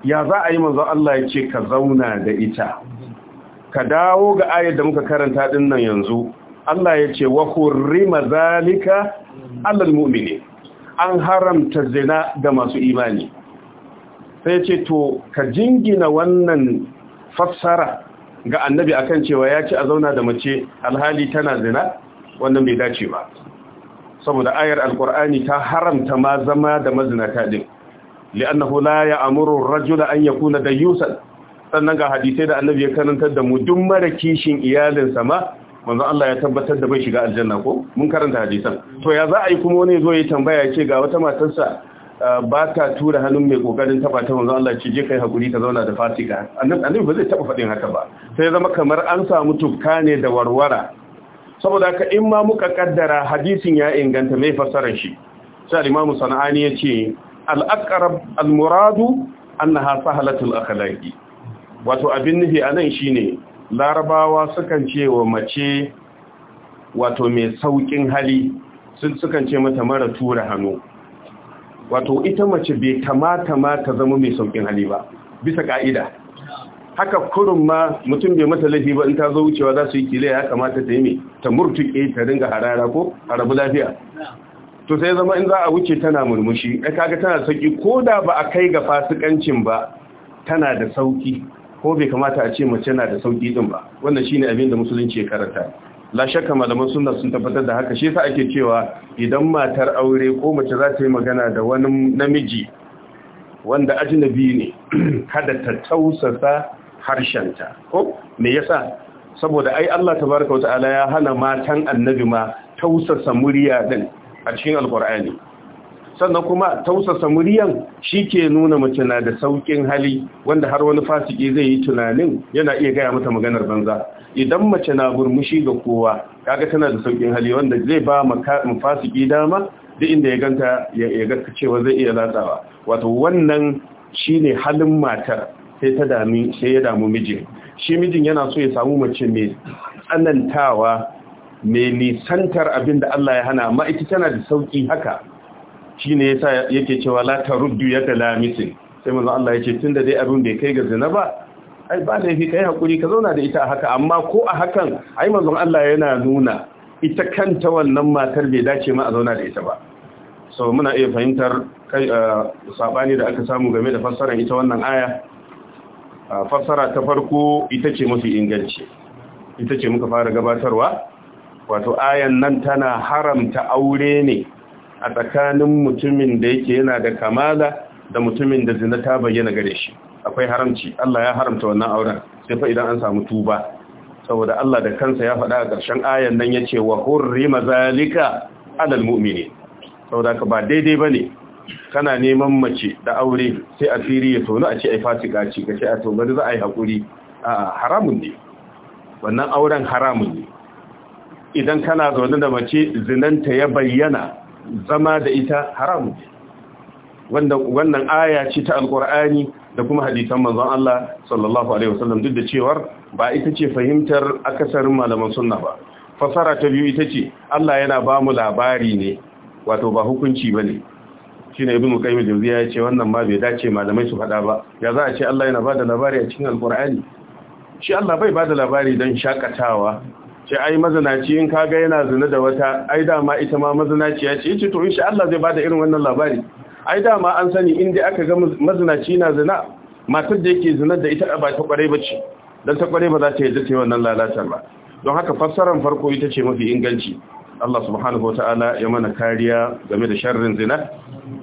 ya za a yi manzon Allah ya ce ka zauna da ita ka dawo ga ayar da muka karanta ɗin nan yanzu Allah ya ce wa hurrima zalika mu'mini an haramta zina ga masu imani sai ce to ka jingina wannan fassara ga annabi akan cewa ya ci a zauna da mace alhali tana zina wannan bai dace ba saboda ayar alkur'ani ta haramta ma zama da mazinata din li'annahu la ya'muru ar-rajula an yakuna dayusan sannan ga hadisai da annabi ya karantar da mu duk mara kishin iyalinsa ma manzo Allah ya tabbatar da bai shiga aljanna ko mun karanta hadisan to ya za a yi kuma wani zo ya tambaya ya ce ga wata matarsa ba ka tura hannun mai kokarin taba ta manzo Allah ce je kai hakuri ta zauna da fasika annabi ba zai taba fadin haka ba sai zama kamar an samu tufka ne da warwara saboda haka in ma muka kaddara hadisin ya inganta mai fassarar shi sai al-imamu sana'ani ce al-aqrab al-muradu annaha sahalatul akhlaqi wato abin nufi anan shine larabawa sukan ce wa mace wato mai saukin hali sun sukan ce mata mara tura hannu wato ita mace bai kamata ma ta zama mai saukin hali ba bisa ka'ida haka kurun ma mutum bai mata laifi ba in ta zo wucewa za su yi kila ya kamata ta yi mai ta murtuke ta ringa harara ko harabu lafiya to sai zama in za a wuce tana murmushi ya kaga tana sauki ko da ba a kai ga fasikancin ba tana da sauki ko bai kamata a ce mace na da sauƙi din ba wannan shine abin da musulunci ya karanta la shakka malaman sunna sun tabbatar da haka shi yasa ake cewa idan matar aure ko mace za ta yi magana da wani namiji wanda ajnabi ne *clears throat* kada ta tausasa harshenta ko me yasa saboda ai Allah tabaraka wa ta'ala ya hana matan annabi ma tausasa murya din a cikin alqur'ani sannan kuma tausasa muryan ke nuna mace na da saukin hali wanda har wani fasiki zai yi tunanin yana iya gaya mata maganar banza idan mace na burmushi ga kowa kaga tana da saukin hali wanda zai ba mu fasiki dama duk inda ya ganta ya ga cewa zai iya latsawa wato wannan shine halin matar sai ta dami sai ya damu mijin shi mijin yana so ya samu mace mai tsanantawa mai nisantar abin da Allah ya hana amma ita tana da sauki haka shine yasa yake cewa la taruddu da lamisin sai manzo Allah ya ce tunda dai abin bai kai ga zina ba ai ba laifi kai hakuri ka zauna da ita haka amma ko a hakan ai manzon Allah yana nuna ita kanta wannan matar bai dace ma a zauna da ita ba so muna iya fahimtar kai eh, sabani da aka samu game da fassarar ita wannan aya fassara ta farko ita ce mafi inganci ita ce muka fara gabatarwa wato ayan nan tana haramta aure ne a tsakanin mutumin da yake yana da kamala da mutumin da zina ta bayyana gare shi akwai haramci Allah ya haramta wannan auren sai fa idan an samu tuba saboda Allah da kansa ya faɗa a ƙarshen ayan nan ya ce wa hurrima zalika alal mu'mini saboda ka ba daidai bane kana neman mace da aure sai a firi ya tono a ce ai fasika ce kace a to bari za a yi hakuri a haramun ne wannan auren haramun ne idan kana zaune da mace zinanta ya bayyana zama da ita haramun ne wannan aya ce ta alkur'ani da kuma hadisan manzon Allah sallallahu alaihi wasallam duk da cewar ba ita ce fahimtar akasarin malaman sunna ba fasara ta biyu ita ce Allah yana ba mu labari ne wato ba hukunci bane shine Ibn qayyim jawziya ya ce wannan ma bai dace malamai su faɗa ba ya za a ce Allah yana ba da labari a cikin alkur'ani shi Allah bai ba da labari don shakatawa ce ai mazanaci in kaga yana zina da wata ai dama ita ma ya ce ce to insha Allah zai ba da irin wannan labari ai dama an sani inda aka ga mazinaci na zina matar da yake zinar da ita ba ta kwarai ba ce don ta kwarai ba za ta yadda ta yi wannan lalatar ba don haka fassarar farko ita ce mafi inganci Allah subhanahu wata'ala ya mana kariya game da sharrin zina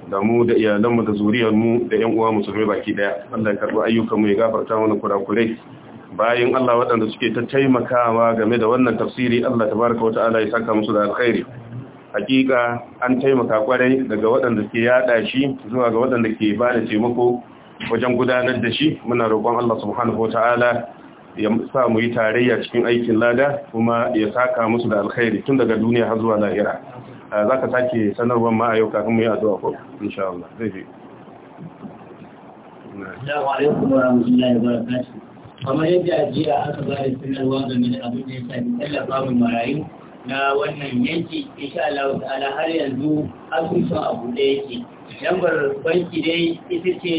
da mu da iyalanmu da zuriyarmu da ƴan uwa musulmi baki daya Allah ya karɓi ayyukanmu ya gafarta mana kurakurai bayan Allah waɗanda suke ta taimakawa game da wannan tafsiri Allah tabaraka wata'ala ya saka musu da alkhairi hakika an taimaka kwarai daga waɗanda ke yada shi zuwa ga waɗanda ke ba da taimako wajen gudanar da shi muna roƙon Allah subhanahu ta'ala ya sa mu yi tarayya cikin aikin lada kuma ya saka musu da alkhairi tun daga duniya har zuwa lahira ah, za ka sake sanarwa ma a yau kafin mu yi addu'a ko insha Allah zai je kamar yadda ajiya aka ba da sanarwa game da abin da ya shafi tallafa mu marayu na wannan yanki insha Allah ta'ala har yanzu asusun abu da yake lambar banki dai ita ce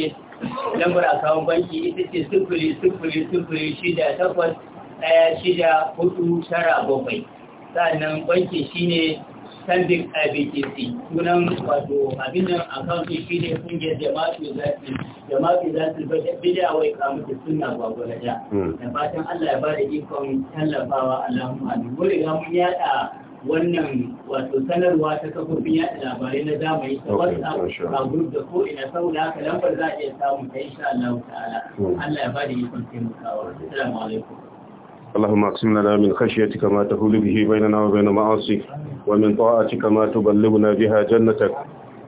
lambar akawun banki ita ce sufuri sufuri sufuri shida takwas ɗaya shida hudu tara bakwai sannan banki shine standing IBGC sunan wato abin nan account shi ne kungiyar jama'atu zaki jama'atu zaki bid'a wai kamu da sunna ba gwalaja hmm. da fatan Allah ya bada ikon tallafawa Allahumma amin mun riga mun yada wannan wato sanarwa ta kafofin yada labarai na zamani ta WhatsApp a group da ko ina saboda haka lambar za a iya samu ta insha Allah ta'ala hmm. Allah ya bada ikon taimakawa assalamu alaikum اللهم اقسم لنا من خشيتك ما تهول به بيننا وبين معاصيك ومن طاعتك ما تبلغنا بها جنتك